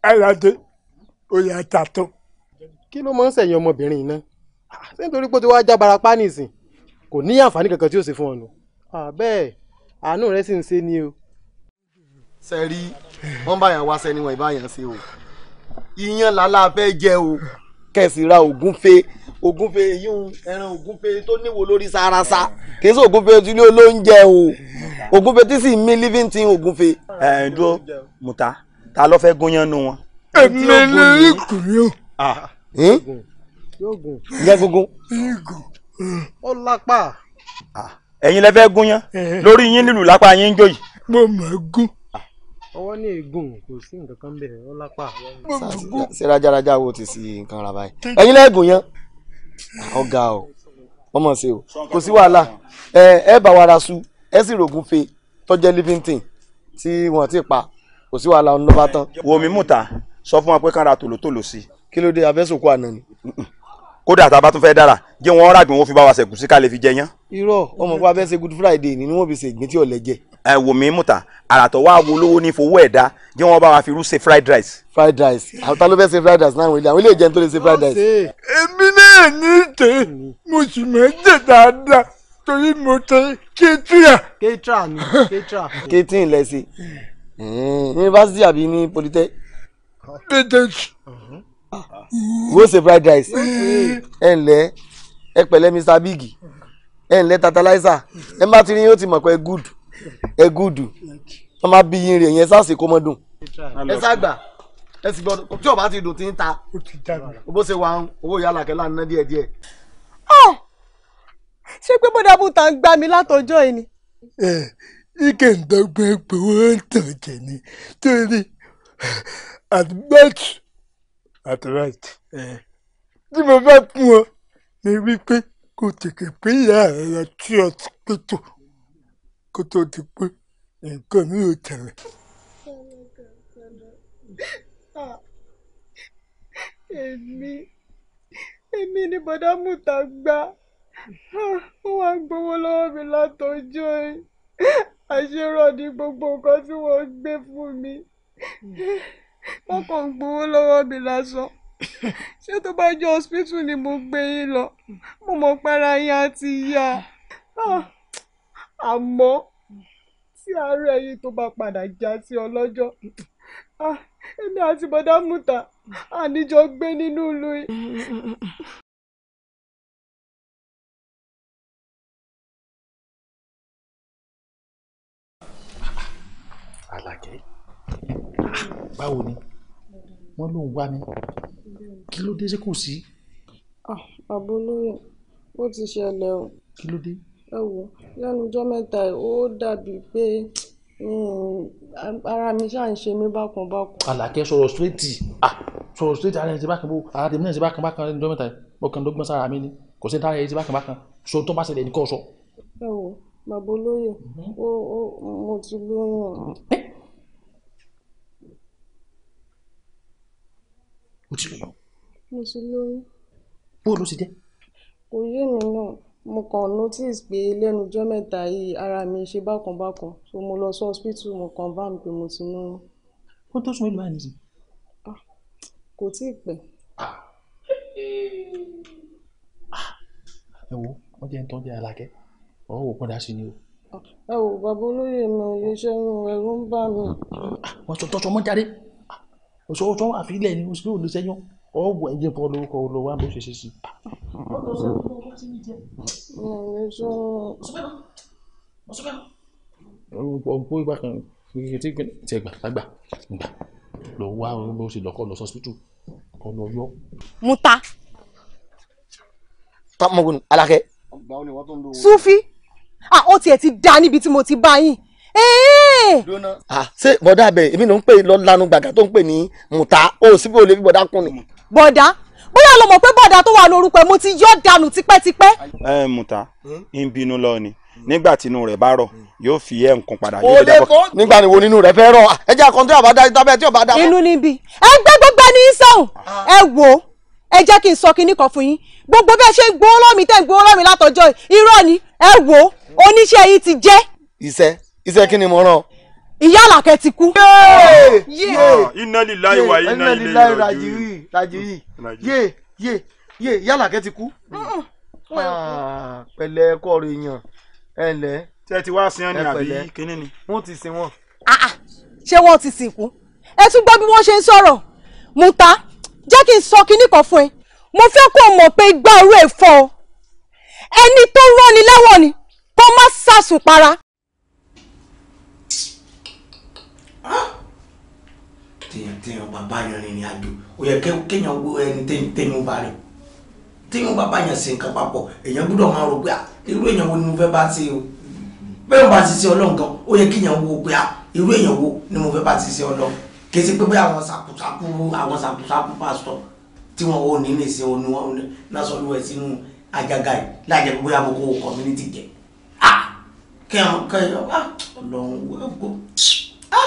aládé ó yà á ta tó. kí ló máa ń sẹ̀yìn ọmọbìnrin náà ṣé nítorí pé ó ti wá já barapá nìsín kò ní àǹfààní kankan tí ó ṣe fún ọ nù bẹ́ẹ̀ àánú rẹ sì ń ṣe ni o. ṣe rí wọn báyàn wá sẹni wọn ìbáyàn ṣe o iyán làlá fẹ́ jẹ o kẹsì ra ògúnfe ògúnfe yíyún ẹran ògúnfe tó níwò lórí sarasa kì í ṣe ògúnfe tí ilé olóúnjẹ o ògúnfe tí sì ń mí living thing ògúnfe. ẹ ẹ dúró mùtá ta ló fẹ́ gúnyán nu wọn. èmi lè rí kùn hm? yóò. yẹ gúngún ó lápá. ẹ̀yin lẹ fẹ́ gúnyán lórí yín lílù lápá yín ń jó yìí. mo máa gún. ọwọ́ ní ègún kò sí nǹkan kan bẹ̀rẹ̀ ó lápá. ṣé rajaraja wo ti sí nǹkan ra báyìí. ẹ̀yin lẹ gúnyán ọ̀gá o wọ́n mọ̀ sí o kò sí wàhálà ẹ ẹ bá wa ra su ẹ sì rògùn fe tọ́jẹ́ livington tí wọ́n ti pa kò sí wàhálà ọ̀nà ló bá tán. wo mi mú ta sọ fún wọn pé kán tòlótòló sí kí ló dé abẹ́sòkú àná ni kódà tá a bá tún fẹ́ dára jẹ́ wọ́n rà gbìn wọ́n fi bá wa ṣẹ̀gùn sí ká lè fi jẹ irọ́ ọmọ pa fẹ́ ṣe good friday ni wọ́n fi ṣe ìgbín tí ọ̀lẹ́ jẹ. ẹ wò mí mùtà àràtọ̀ wá wo lówó ní fowó ẹ̀dá jẹ́ wọ́n bá wa fi irú ṣe fried rice. fried rice àwọn ta ló fẹ́ ṣe fried rice náà wọlé àwọn ilé ìjẹun tó lè ṣe fried rice. èmi náà ní ìtẹ́ mo sì máa ń jẹ dáadáa torí mo tẹ kétra. kétra ni kétra. kétin lẹ sí wo ṣe fried rice ẹ ǹlẹ́ ẹ pẹ̀lẹ́ mr big ẹ ǹlẹ́ tantalizer ẹ má ti rí yín ó ti mọ̀ pé good ẹ good wọ́n máa bí yín rè yẹn sáà sì kó mọ́ dùn ẹ sáàgbà ẹ sì gbọ́dọ̀ tí ọba ti dùn ti ń ta bó ṣe wà owó yàrá kẹlá ń ná díẹ̀díẹ̀. Ah! ṣé pé bọ́dà bùtà ń gbá mi látọjọ́ yìí ni ike ndọgba egbe wọn tàn jẹ ni torí at much atlantic eh. tí mo bá fún ọ ni wípé kò tètè pé ìyá rẹ lọ tí ọ ti pé tó kó tó di pé nǹkan mi ò tẹ̀lé. èmi èmi ni bọ́dá mùtá gbá ah, ó wá ń gbowó lọ́wọ́ mi látọjú ẹ̀ àṣírò ni gbogbo nǹkan tí wọ́n gbé fún mi. Hmm wọn kàn gbowó lọ́wọ́ mi lásán ṣé tó bá jẹ́ hospital ni mo gbé yín lọ mo mọ̀ para yín á ti yá ah, àmọ́ tí àárẹ̀ yìí tó bá padà já sí ọlọ́jọ́ ah, èmi àti bọ́dá àníjọ gbé nínú ìlú yìí. Àlàkẹ́ báwo ni wọ́n ló ń wá mi kí ló dé ṣé kò sí. Ah, bàbá olóyè ó ti ṣẹlẹ̀ o. kí ló dé. ẹ wò lẹ́nu ọjọ́ mẹ́ta ó dàbí pé hmm, ara mi ṣáà ń ṣe mí bákan bákan. àlàkẹ́ sọ̀rọ̀ síréètì ah, sọ̀rọ̀ síréètì ara ẹni ti bákan bó ara tèmi náà ti bákan bákan lẹ́nu ọjọ́ mẹ́ta ọkàn ló gbọ́n sára mi ni kò sí dára ẹni ti bákan bákan so tó bá ṣẹlẹ̀ ní kò sọ. ẹ wò bàbá olóyè mhm. ó ó mo ti lóyún. mo ti lóyún. bó ló ti jẹ́. kò yé mi náà mo kàn notice pé lẹ́nu ọjọ́ mẹ́ta yìí ara mi ṣe bákan bákan so mo lọ sí hospital mo confirm pé mo ti lóyún. kó tó sún ìlú àníṣe. Ah, kò tí ì pẹ́. Ah. Ah. ẹ wo wọ́n jẹ́ ń tọ́jú alákẹ́ ọ̀rọ̀ wò padà sí ni o. ẹ wo bàbá olóyè mi ò lè ṣẹ́yìn ẹ̀rù ń bà mí. wọ́n sọ tọ́sọ mọ́ jáde òṣòwò tó àfi ilẹ̀ ni oṣù tó lè ṣẹ́yìn ọwọ ẹjẹ kan lórúkọ olówó wa bó ṣe ṣe sí. ọ̀pọ̀ ipa kan kékeré tí ẹ gbà lágbà gbà lọ wá bó ṣe lọ́kọ́ lọ sọ́sítù kọ́ lọ yọ. muta. tọ́mọ wo ni alákẹ́. sufi ah ó tiẹ̀ ti dá níbi tí mo ti bá yín ṣé bọ́dà bẹ̀ èmi ló ń pè lọ lanu gbàgà tó ń pè ní muta ó síbi ò lè fi bọ́dà kún ni bọ̀dá bóyá lo mọ̀ pé bọ̀dá tó wà lórúkọ ẹ̀ mo ti yọ̀ dànù tipẹ́tipẹ́. ẹ Muta ń bínú lọ ni nígbà tínú rẹ̀ bá rọ̀ yóò fi ẹ̀ nǹkan padà yóò dẹ́ bọ́. nígbà wo nínú rẹ̀ fẹ́ rọ̀ ẹ jẹ́ àkọ́ńtì àbádá ìtàbẹ́ tí ọba dá. inú níbi ẹ gbé gbogbo ẹni sẹ́wọ̀n ah. ẹ wò ó ẹ jẹ́ kí n sọ kinní kan fún yín gbogbo bẹ́ẹ̀ ṣe ń gbowó lọ́mí tẹ́ ń gbowó lọ́mí látọjọ́ irọ́ ni ẹ wò ó oníṣẹ́ yìí ti jẹ́. iṣẹ́ iṣẹ́ kí ni mo rán ọ ìyá àlàkẹ́ ti kú. iná lílá ìwà iná ilé rajiri rajiri mm, yé yé yé ìyá àlàkẹ́ ti kú. Ah, pẹ̀lẹ́ ẹkọ rẹ yàn ẹ ǹlẹ́. tí ẹ ti wá sin ẹ ní àbí kínní ni. wọ́n ti sin wọn. Ah, ah. ṣé wọ́n ti sìnkú ẹ tún gbọ́ bí wọ́n ṣe ń sọ̀rọ̀ Muta jẹ́ kí n sọ kinní kan fún ẹ mo fẹ́ kó o mọ̀ pé igbá orú ẹ̀ fọ́ ọ ẹni tó rán ni lẹ́wọ̀n ni kó má sàṣùpara téèyàn téèyàn bàbá yẹn rìnrìn àjò ó yẹ kéèyàn wo ẹni téèyàn téèyàn bá rìn téèyàn bàbá yẹn ṣe nǹkan papọ̀ èèyàn gbúdọ̀ máa rò pé irú èèyàn wo ni mo fẹ́ bá ṣe o bẹ́ẹ̀ bá ti ṣe ọlọ́run ó yẹ kéèyàn wo pé irú èèyàn wo ni mo fẹ́ bá ti ṣe ọlọ́run kì í ṣe pé bí àwọn sàkúsàkú àwọn sàkúsàkú pásítọ̀ tí wọn ò ní lè ṣe òní wọn náà sọ lóye community jẹ ah kẹ́hìn ah ọlọ́run wọ́n ah.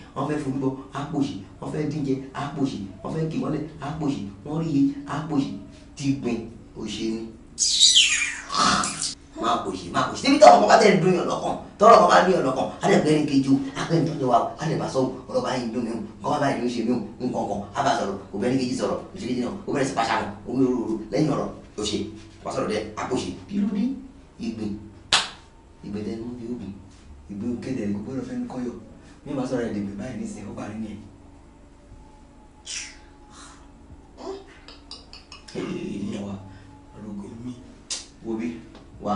wọ́n fẹ́ fún bọ àpò wọ́n fẹ́ díjẹ àpò wọ́n fẹ́ kì wọ́n lẹ̀ àpò wọ́n rí iye àpò ti gbìn òṣèlú máa kò sí máa níbi tí ọkọ̀ bá tẹ̀lé dún yàn lọ́kàn tọ́rọ̀ bá dún yàn lọ́kàn á lè gbé ní kejì o á pè ní wa o á lè bá sọ̀rọ̀ ọ̀rọ̀ bá yín dún mi o nǹkan bá yín ṣe mi o nǹkan kan á bá sọ̀rọ̀ kò bẹ́ẹ̀ ní kejì sọ̀rọ̀ oṣù mi máa sọ̀rọ̀ ẹ̀dẹ̀gbẹ̀ báyìí nísìnyí ó parí nìyẹn. èmi wa rogo mi wo bí wa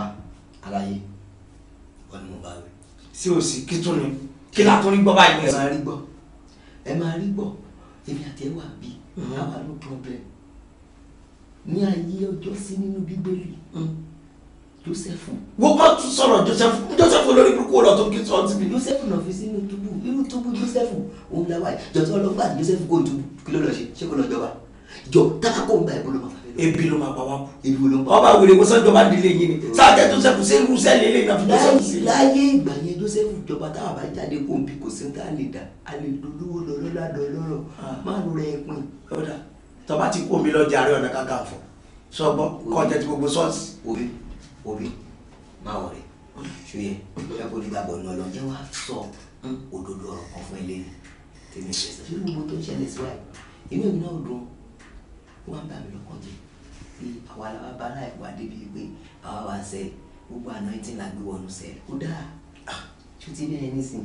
aláyé wọn ni mo bá wí. sí òsì kí tún ni kí la tún rí gbọ́ báyìí. ẹ máa rí gbọ́ ẹ máa rí gbọ́ èmi àti ẹ wà bí àwa mm-hmm. ló problem ní ayé ọjọ́ sí nínú bíbélì. Mm-hmm joseph. wo má tún sọ̀rọ̀ joseph joseph olórí burúkú ọ̀rọ̀ tó kí sọ́ọ́ tìbí. joseph náà fi sínú túbú inú túbú joseph òun làwọn jọ̀tún ọlọ́gbà joseph kò túbú kí ló lọ ṣe ṣé kò lọ jọba jọ tábà kò ń gba ìbọn lọ́mọ ebi ló máa pa wá kú ebi ló máa ọba wèrè wọsán jọba délé yìí ni mm. sáà tẹ joseph ṣé irú sẹ́ẹ̀lì eléyìí náà fi joseph sí. láyé ìgbà yẹn joseph jọba táwa bá jáde kó n bí kò sí ní tá a lè dá a lè lolówó lọ lọ́la lọ lọ́rọ̀ máa ń rẹ ẹ̀pin. tọ́ba ti kó mi lọ jàre ọ̀nà kankan fún orí máa wọ̀rẹ́ ṣóyẹ ṣàkóso ìgbàgbọ́ ní ọlọ́jẹ́ wa sọ hmm, òdodo ọ̀rọ̀ kan fún ilé tèmi ìṣẹ̀ṣẹ̀ ṣé gbogbo tó ń ṣẹlẹ̀ sí wa yìí èmi náà dùn wọn bá mi lọ́kàn jẹ bí àwa làwa bá láì wá débi pé àwa wá sẹ gbogbo àná ẹtí là gbé wọnú sẹ ó dáa tó ah, ti bẹ́ẹ̀ nísìn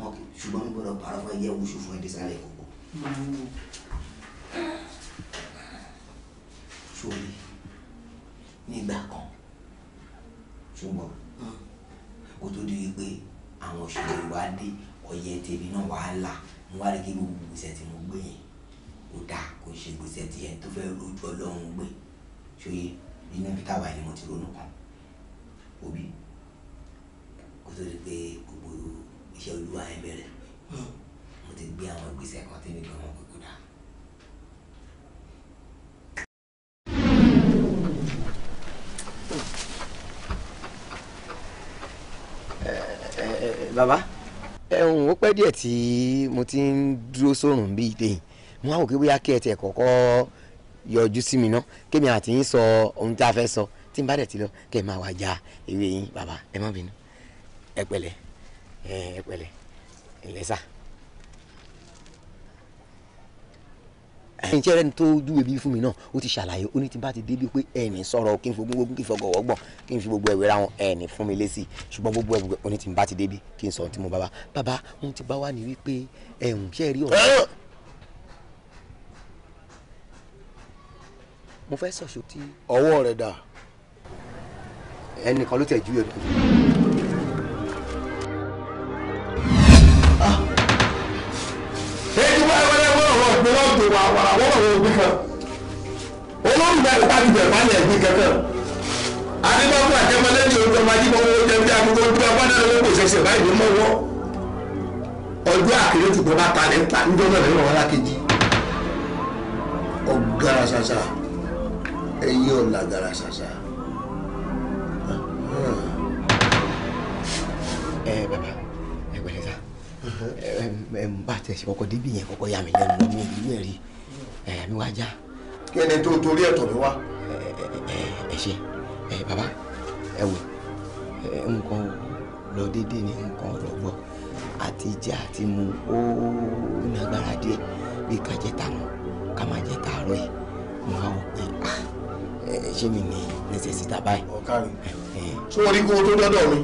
wọn ṣùgbọ́n mi gbọ́dọ̀ pàrọ̀ fún ẹyẹ wúṣù fún ẹdí sálẹ̀ kọ̀kọ́. sórí nígbà kan ṣùgbọ́n kó tó di wípé àwọn òṣèré wa dé ọyẹ tèmi náà wàá là mo wá rí kí gbogbo gbèsè tí mo gbé yẹn ó dáa kò ṣe gbèsè tiẹ̀ tó fẹ́ rojú ọlọ́run gbé ṣòye nínú bí táwa ni mo ti ronú kan òbí kó tó di pé gbogbo iṣẹ́ olúwa ẹ bẹ̀rẹ̀ mo ti gbé àwọn ìgbésẹ̀ kan tẹ́lẹ̀ gan-an bàbá. ẹ̀hún ó pẹ́ díẹ̀ tí mo ti ń dúró sórùn bíi tèyìn mo wá wò pé bóyá kí ẹ tiẹ̀ kọ́kọ́ yọjú sí mi ná kémi àti yín sọ ohun tí a fẹ́ sọ tí n bá dẹ̀ ti lọ kẹ́ ẹ máa wá ja ewé yín bàbá ẹ má bínú ẹ pẹ̀lẹ́ ẹ pẹ̀lẹ́ ẹ lẹ́sà. ẹ̀yin tí ẹrẹ́ni tó júwe bí fún mi náà ó ti ṣàlàyé ó ní ti bá ti débi pé ẹ̀ẹ́nì sọ̀rọ̀ kí n fi ogúnwogún kí n fi ọgọ̀wọ́gbọ̀n kí n fi gbogbo ẹ̀wé ra wọn ẹ̀ẹ́nì fún mi lésì ṣùgbọ́n gbogbo ẹ̀wé ó ní ti bá ti débi kí n sọ ohun tí mo bá bá bàbá ohun tí bá wà ní wípé ẹ̀hún ṣe rí ọ̀rọ̀. mo fẹ́ sọ̀ṣọ́ tí. ọwọ́ rẹ̀ dà. ẹnìkan ló tẹ̀ júwe rẹ̀. wà wàrà wọ́n wọ̀ wọ́n kan olórí náà nípa ti bẹ̀rẹ̀ báyìí ẹ̀gbìn kankan adébáfún àjẹmọlẹ́ ní ojú ọmọ ajímọ̀ owó jẹ́ bí agogo ojú ọgbà náà ló kò ṣẹ̀ṣẹ̀ báyìí ló mọ̀ wọ́ ọjọ́ àkèrè tó bá ta lẹ́ ta níjọ́ náà lẹ́nu ọ̀la kejì ọ̀gara ṣàṣà ẹ̀yìn ọ̀la gara ṣàṣà. ẹ bàbá ẹ ń bá tẹ̀sí kọ́kọ́ débi yẹn kọ́kọ́ yà mí lẹ́nu mi ìlú ẹ̀rí ẹ̀ mi wá já. kí ẹni tó torí ẹ̀tọ́ mi wá. ẹ ṣe ẹ bàbá ẹ wò nǹkan lọ déédéé ni nǹkan lọ gbọ́ àti jẹ àti mu ó nágbára díẹ̀ bí ká jẹ ká má jẹ tààrọ̀ yìí mo á wò pé ah, ṣé mi nìyí lẹ́sẹ̀ síta báyìí. ọ̀kàrí tí wọ́n rí kó o tó dọ́dọ̀ mi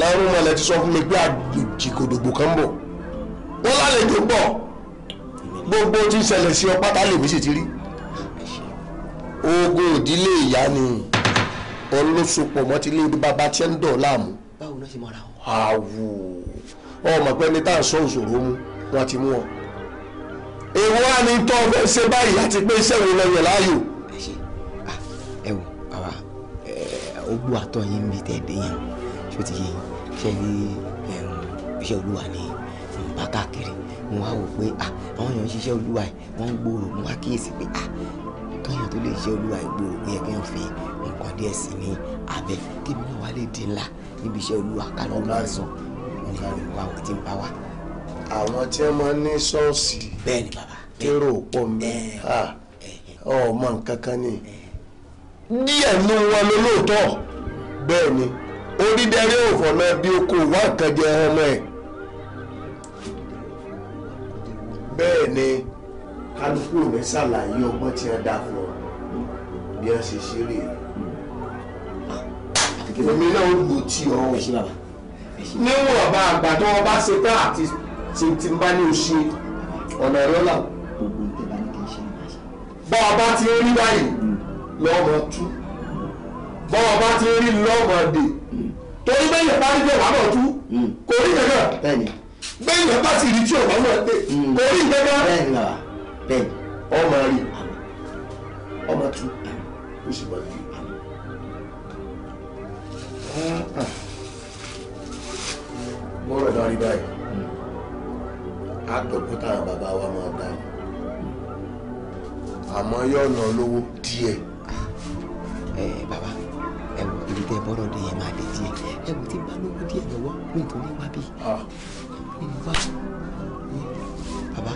láàrin wọn lẹ ti sọ fún mi pé àjòjì kòdògbò kan bọ̀ wọ́n lálejò bọ̀ gbogbo tí ń ṣẹlẹ̀ sí ọ pátá lèmi sì ti rí oògùn ìdílé ìyá ni olóṣopọ̀ mọ́ ti lé ibi bàbá tí ń dọ̀ láàmú. báwo ló ṣe mọ́ra wọn. àwù ọmọ pé ní tá à ń sọ òṣòro mu wọn ti mú ọ. èwo á ní tọ́ fẹ́ ṣe báyìí àti pé iṣẹ́ ìrìnlẹ̀ yẹn láàyò. ó gbó àtọ̀ yín níbi tẹ̀dé yẹn ṣó ti ṣe rí iṣẹ́ olúwa ni bá káàkiri mo wá wò pé ah, àwọn èèyàn ń olúwa yìí wọ́n ń gbòòrò mo wá kíyèsí pé ah, káyọ̀ tó lè ṣiṣẹ́ olúwa yìí gbòòrò ó yẹ kí fi nǹkan díẹ̀ sí ní abẹ́ kébì náà wá lè dín ńlá níbi iṣẹ́ olúwa kálọ̀ máa sọ ní ìwà òkè tí ń bá wa. àwọn tí wọn máa ní ṣọ́ọ̀ṣì bẹ́ẹ̀ ni bàbá lérò pọ̀ mẹ́ẹ̀ẹ́ ah, ọ̀ nǹkan kan ni díẹ̀ nú wọn lólóòótọ́ bẹ́ẹ̀ ni onídẹ́rẹ́ òfòlà bí o kò wá nǹkan jẹ ọmọ ẹ̀ bẹ́ẹ̀ ni kálukú mi ṣàlàyé ọgbọ́n tí wọ́n dá fún ọ bí wọ́n ṣe ṣe rèé èmi náà ó lù tí ọ níwọ̀n ọba àgbàdo ọba ṣe tán àti tí n bá o ṣe ọ̀nà ẹ̀rọ là. bá ọba ti ń rí báyìí lọ́mọ tú bọ́ọ̀ bá ti rí lọ́mọ dè torí bẹ́yìn bá rí bẹ́ẹ̀ wà mọ̀ tú kò rí kankan bẹ́yìn bá ti rí tí ò bá mọ̀ dé kò rí kankan ọmọ rí ọmọ tú ó sì mọ̀ dé. bọ́ọ̀rọ̀ bá rí báyìí àtọ̀kọ́ táwọn bàbá wa máa dá àmọ́ yóò ná lówó díẹ̀ ẹ bàbá ẹ wò ibi tẹ bọ́rọ̀ dé yẹn máa dé díẹ̀ ẹ wò tí n bá lówó díẹ̀ lọ́wọ́ mi tó ní wá bí. bàbá.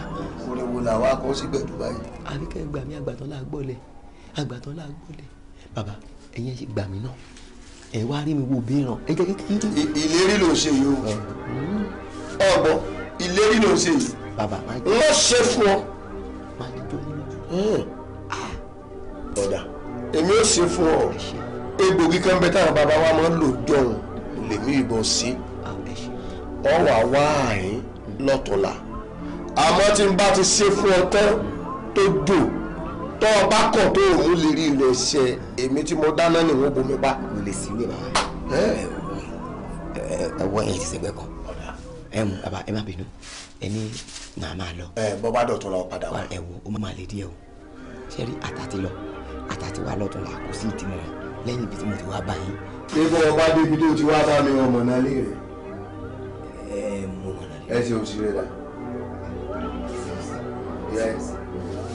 orin wo làwọn akọ sí gbẹdú báyìí. àbíkẹ́ gbà mí àgbàtàn là gbọ́lẹ̀ àgbàtàn là gbọ́lẹ̀ bàbá ẹ̀yin ẹ̀ ṣe gbà mí náà ẹ wá rí mi wo bíràn ẹ ìlérí ló ṣe yìí o ọgbọ ìlérí ló ṣe yìí. bàbá máa jẹ́ wọ́n fún ọ. máa jẹ́ tó ní. ọ̀dà èmi ò ṣe fún ọ egbògi kan bẹ táwọn bàbá wa máa ń lò dọ̀hún lèmi ìbọn sí ọ wà wá àyín lọ́tọ̀ọ̀la àmọ́ tí n bá ti ṣe fún ọ tán tó dùn tọ́ ọ bá kọ̀ tó òun lè rí ilẹ̀ ṣe èmi tí mo dáná ni wọ́n bomi pa. mo lè sí ilé ẹ wọ ẹ̀yìn ti sẹgbẹ kan ẹ mú bàbá ẹ má bínú ẹ ní màá máa lọ. ẹ bọ́ bá dọ̀tún la padà wá. ẹ wo ó máa lè díẹ̀ o ṣé rí àtàtì lọ àtàtì wa lọ́tún là kò sí ìdí rẹ̀ lẹ́yìn ibi tí mo ti wá bá ṣé bọ́ ọba débi tó ti wá bá mi ọmọ náà lé rẹ̀. ẹ ẹ mo mọ̀ náà lé. ẹ ṣe òṣì rẹ̀ dà. yẹ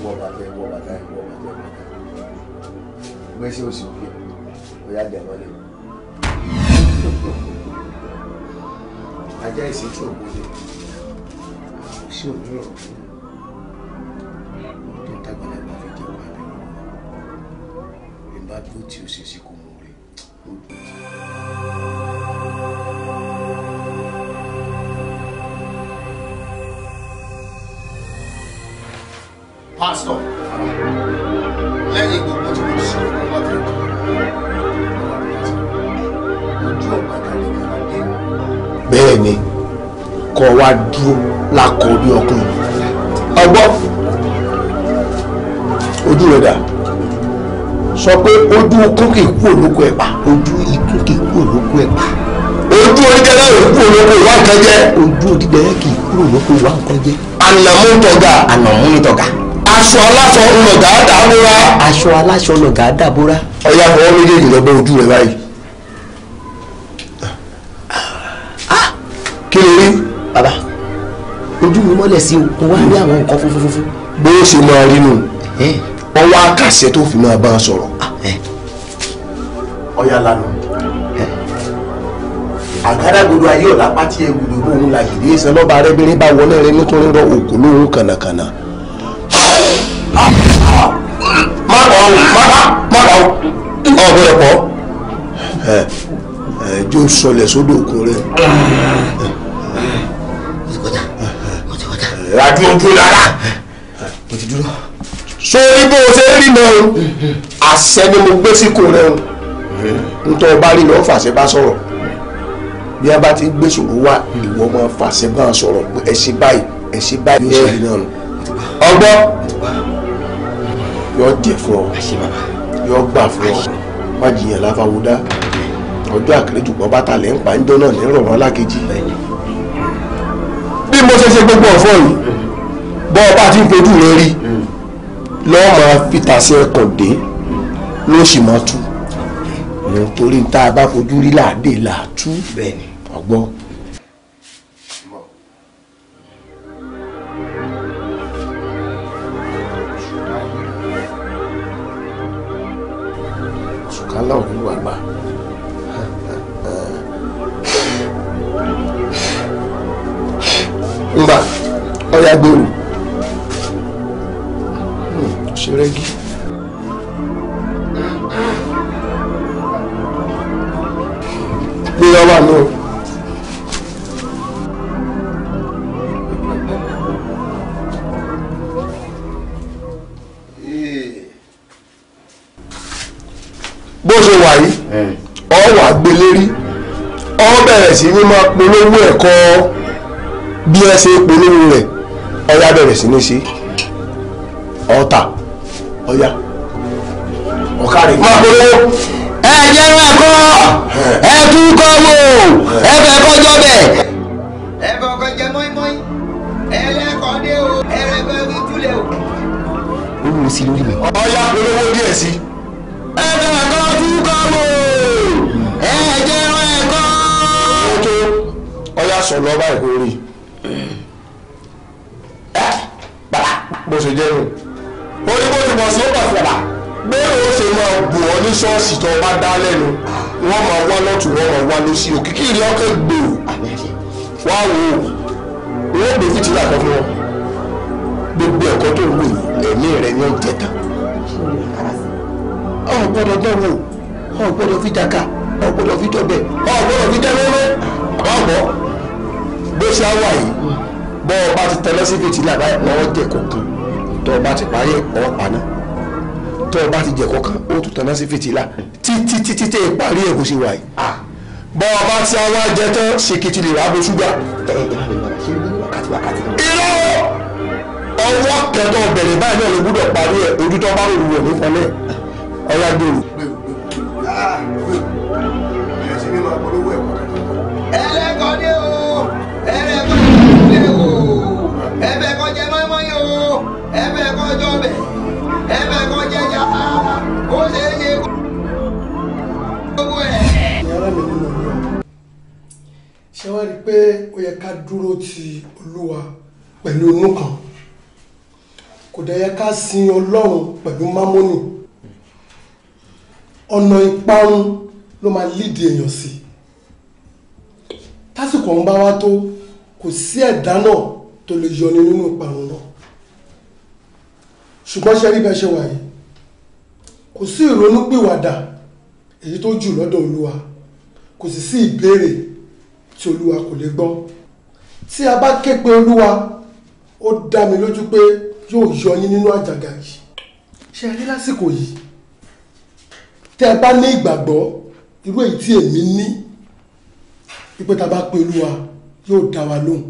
wọ bàtà wọ bàtà wọ bàtà wọ bàtà. gbèsè òṣì òkè òyà dẹ̀ mọ́lẹ̀. ajá ìsìn tí ṣé òkú rọ̀ àdúró tí o ṣe ṣe kò mú rè ó dùn jù. pásítọ̀ lẹ́yìn gbogbo tí mo ti sọ fún tó ń jù ojú ọ̀gá kan ní ká dé. bẹ́ẹ̀ ni kọ́ wa dúró lákọ̀ọ́ bí ọkùnrin ọgbọ́n ojú rẹ̀ dà. sọ pé ojú ikún kì í kú olóko ẹ̀pà. ojú ikú kì í kú olóko ẹ̀pà. ojú kú olóko ìwà nǹkan jẹ́. ojú onídẹ̀rẹ̀ kì í kú olóko ìwà nǹkan jẹ́. ànàmú tọ̀gà. ànàmú tọ̀gà. aṣọ aláṣọ lọ̀gá dàbúrà. aṣọ aláṣọ lọ̀gá dàbúrà. ọ̀yà méjèèjì lọ ojú báyìí. Ah! Ah! kí ọwọ́ àkàṣẹ tó fi máa bá a sọ̀rọ̀ ọ̀yà ah, eh. lànà eh. àgádágodo ayé ọ̀la pátí egudu òun la gidi ẹsẹ̀ lọ́ba arẹ́bìnrin bá wọlé rẹ nítorí rọ òkú lóhun kànàkànà. má lọ o má má lọ o ọ̀bẹ̀rẹ̀ pọ̀. ẹ ẹ jó sọlẹ̀ sódò òkun rẹ. rájú ojú rárá. mo ti dúró sórí bó o ṣe rí lọ àṣẹ ni mo gbé síkùn rẹ o ntọ́ ọba rí lọ fàṣẹ bá sọ̀rọ̀ bí a bá ti gbé ṣòro wá ìwọ máa fàṣẹ bá sọ̀rọ̀ pé ẹ ṣe báyìí ẹ ṣe báyìí yóò ṣe rí náà nù ọgbọ́n yóò jẹ fún ọ yóò gbà fún ọ má jiyàn láfáwọdá ọjọ́ àkèrèjù pọ̀ bàtà lẹ́ ń pa ń dọ́nà ní rọ̀rọ̀ lákejì bí mo ṣe ṣe gbogbo ọ̀fọ́ yìí bọ́ ọ bá ti ń fojú rẹ rí i lọ́ọ́ máa fìtàsí ẹkàn dé ló sì máa tú torí ní tá a bá fojú rí làádé làátú ọgbọ́n. bẹ̀rẹ̀ sí ní máa polówó ẹ̀kọ́ bí ẹ ṣe polówó rẹ̀ ọya bẹ̀rẹ̀ sí ní ṣe ọ̀tà ọya ọ̀kàrẹ̀ máa polówó. ẹ jẹ́ ẹ̀rọ ẹ̀kọ́ ẹ tún kọ́ wò ẹ fẹ́ kọjọ́ bẹ̀. ẹ bọ̀ ọkọ jẹ mọ́ínmọ́ín ẹ lẹ́kọ̀ọ́ dé o ẹ rẹ̀ bẹ́ẹ̀ bí túlẹ̀ o. ó wù ú sí lórí mi. ọya polówó díẹ̀ sí i. sọ lọ báyìí kò rí ẹ bàbá bó ṣe jẹ́ nù ó ní bó ti bọ̀ sí ó bà fìlà bẹ́ẹ̀ ó ṣe máa bù ọ́ ní ṣọ́ọ̀ṣì tó bá dá lẹ́nu wọ́n máa wá lọ́tún wọ́n máa wá lọ́sí òkìkí ìrìn ọkọ̀ gbòò wá wò ó wọ́n gbé fìtìlà kan fún wọn gbogbo ẹ̀kọ́ tó wù yìí ẹ̀mí rẹ̀ ni ó ń jẹ tán ọ̀ gbọ́dọ̀ dánwò ọ̀ gbọ́dọ̀ fi dàka ọ̀ gbọ́dọ̀ fi dọ̀bẹ̀ ọ̀ gbọ́dọ̀ fi dánwó ọ̀gbọ́ bó ṣe á wà yìí bọ́ ọ bá ti tẹ́lẹ̀ sí fìtílà báyìí lọ́wọ́ jẹ kọ̀ọ̀kan tọ́ ọ bá ti parí ọwọ́ paná tọ́ ọ bá ti jẹ kọ̀ọ̀kan ó tún tẹ́lẹ̀ sí fìtílà títí títí tẹ́ parí ẹ̀ bó ṣe wà yìí bọ́ ọ bá ti àwọn ajẹ tán ṣèkìtì lè rà bó ṣúgà. irọ́ ọwọ́ kẹtọ́ bẹ̀rẹ̀ báyìí náà ló gbúdọ̀ parí ẹ̀ ojú tó bá wù wọ̀ ní fọlẹ́ ọ̀yá gbèrú. ẹbẹ kọjọ bẹ ẹbẹ kọjẹ jata ó ṣe é ṣe gbogbo ẹ. ṣé wàá rí i pé ó yẹ ká dúró ti olúwa pẹ̀lú inú kan kò dẹ̀ yẹ ká sin ọlọ́run pẹ̀lú mámọ́nì ọ̀nà ìparun ló máa lídìí èèyàn sí tásìkò ń bá wa tó kò sí ẹ̀dá náà tó lè yọni nínú ìparun náà ṣùgbọ́n ṣe rí bẹ́ẹ̀ ṣe wà yìí kò sí ìrònúpìwàdà èyí tó jù lọ́dọ̀ olúwa kò sì sí ìbéèrè tí olúwa kò lè gbọ́ tí a bá ké pe olúwa ó dá mi lójú pé yóò yọ yín nínú àjàgà yìí ṣe rí lásìkò yìí tẹ́ ẹ bá ní ìgbàgbọ́ irú èyí tí èmi ní wípé tá a bá pe olúwa yóò dá wa lóhùn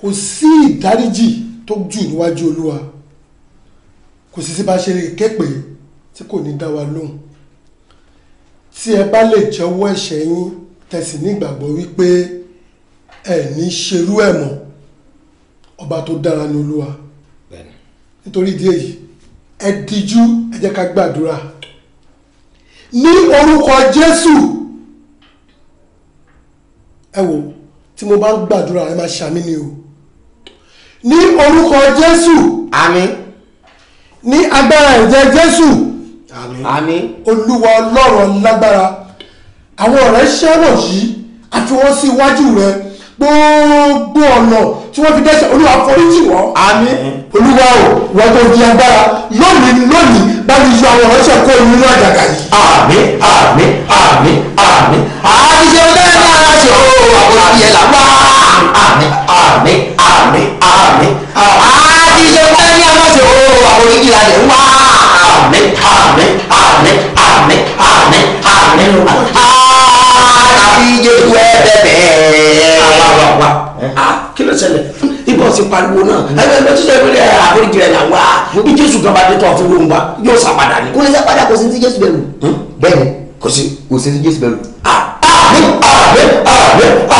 kò sí ìdáríjì tó jù níwájú olúwa kò sì sí bá ṣe lè kẹ́pẹ́ tí kò ní dá wa lóhùn tí ẹ bá lè jẹ́wọ́ ẹ̀ṣẹ̀ yín tẹ̀sí nígbàgbọ́ wípé ẹ ní ṣerú ẹ̀ mọ́ ọba tó dára ní olúwa nítorí ìdí èyí ẹ díjú ẹ jẹ́ ká gbàdúrà ní orúkọ jésù ẹ wò tí mo bá ń gbàdúrà ẹ máa ṣàmì ni o ní orúkọ jésù àmín ní agbára ẹ̀jẹ̀ jésù àmín olúwa ọlọ́run lágbára àwọn ọ̀rẹ́ ṣẹ́wọ̀n yìí àti wọ́n sí iwájú rẹ̀ gbogbo ọ̀nà tí wọ́n fi dẹ́sẹ̀ olúwa foríjì wọ́n. àmín. olúwa o wọ́n tó di agbára lónìí lónìí bá mi yọ àwọn ọ̀rẹ́sẹ̀ kó inú àjàgà yìí. àmín àmín àmín àmín. àṣìṣe bẹ́ẹ̀ náà ṣe ó àwọn àyẹ̀ là wá. àmín àmín àmín àmín. àṣìṣe bẹ́ẹ̀ náà ṣe ó àwọn ìdí là lè wá. àmín àmín àmín àmín àmín àmín àfijẹ́tù ẹ̀ẹ́dẹ́gbẹ́. àbáwá kí ló ṣẹlẹ̀ ibọ̀ sí pariwo náà ẹgbẹ́ ẹgbẹ́ tó ṣe pé àforíjì rẹ̀ là wá bí jésù gan bá dé tó ọ̀fun lóhùn bá yóò sàpadà ni. kò lè sàpadà kò sí ti jésù bẹ̀rù. bẹ́ẹ̀ni kò sí kò sí ti jésù bẹ̀rù. àmín àmín àmín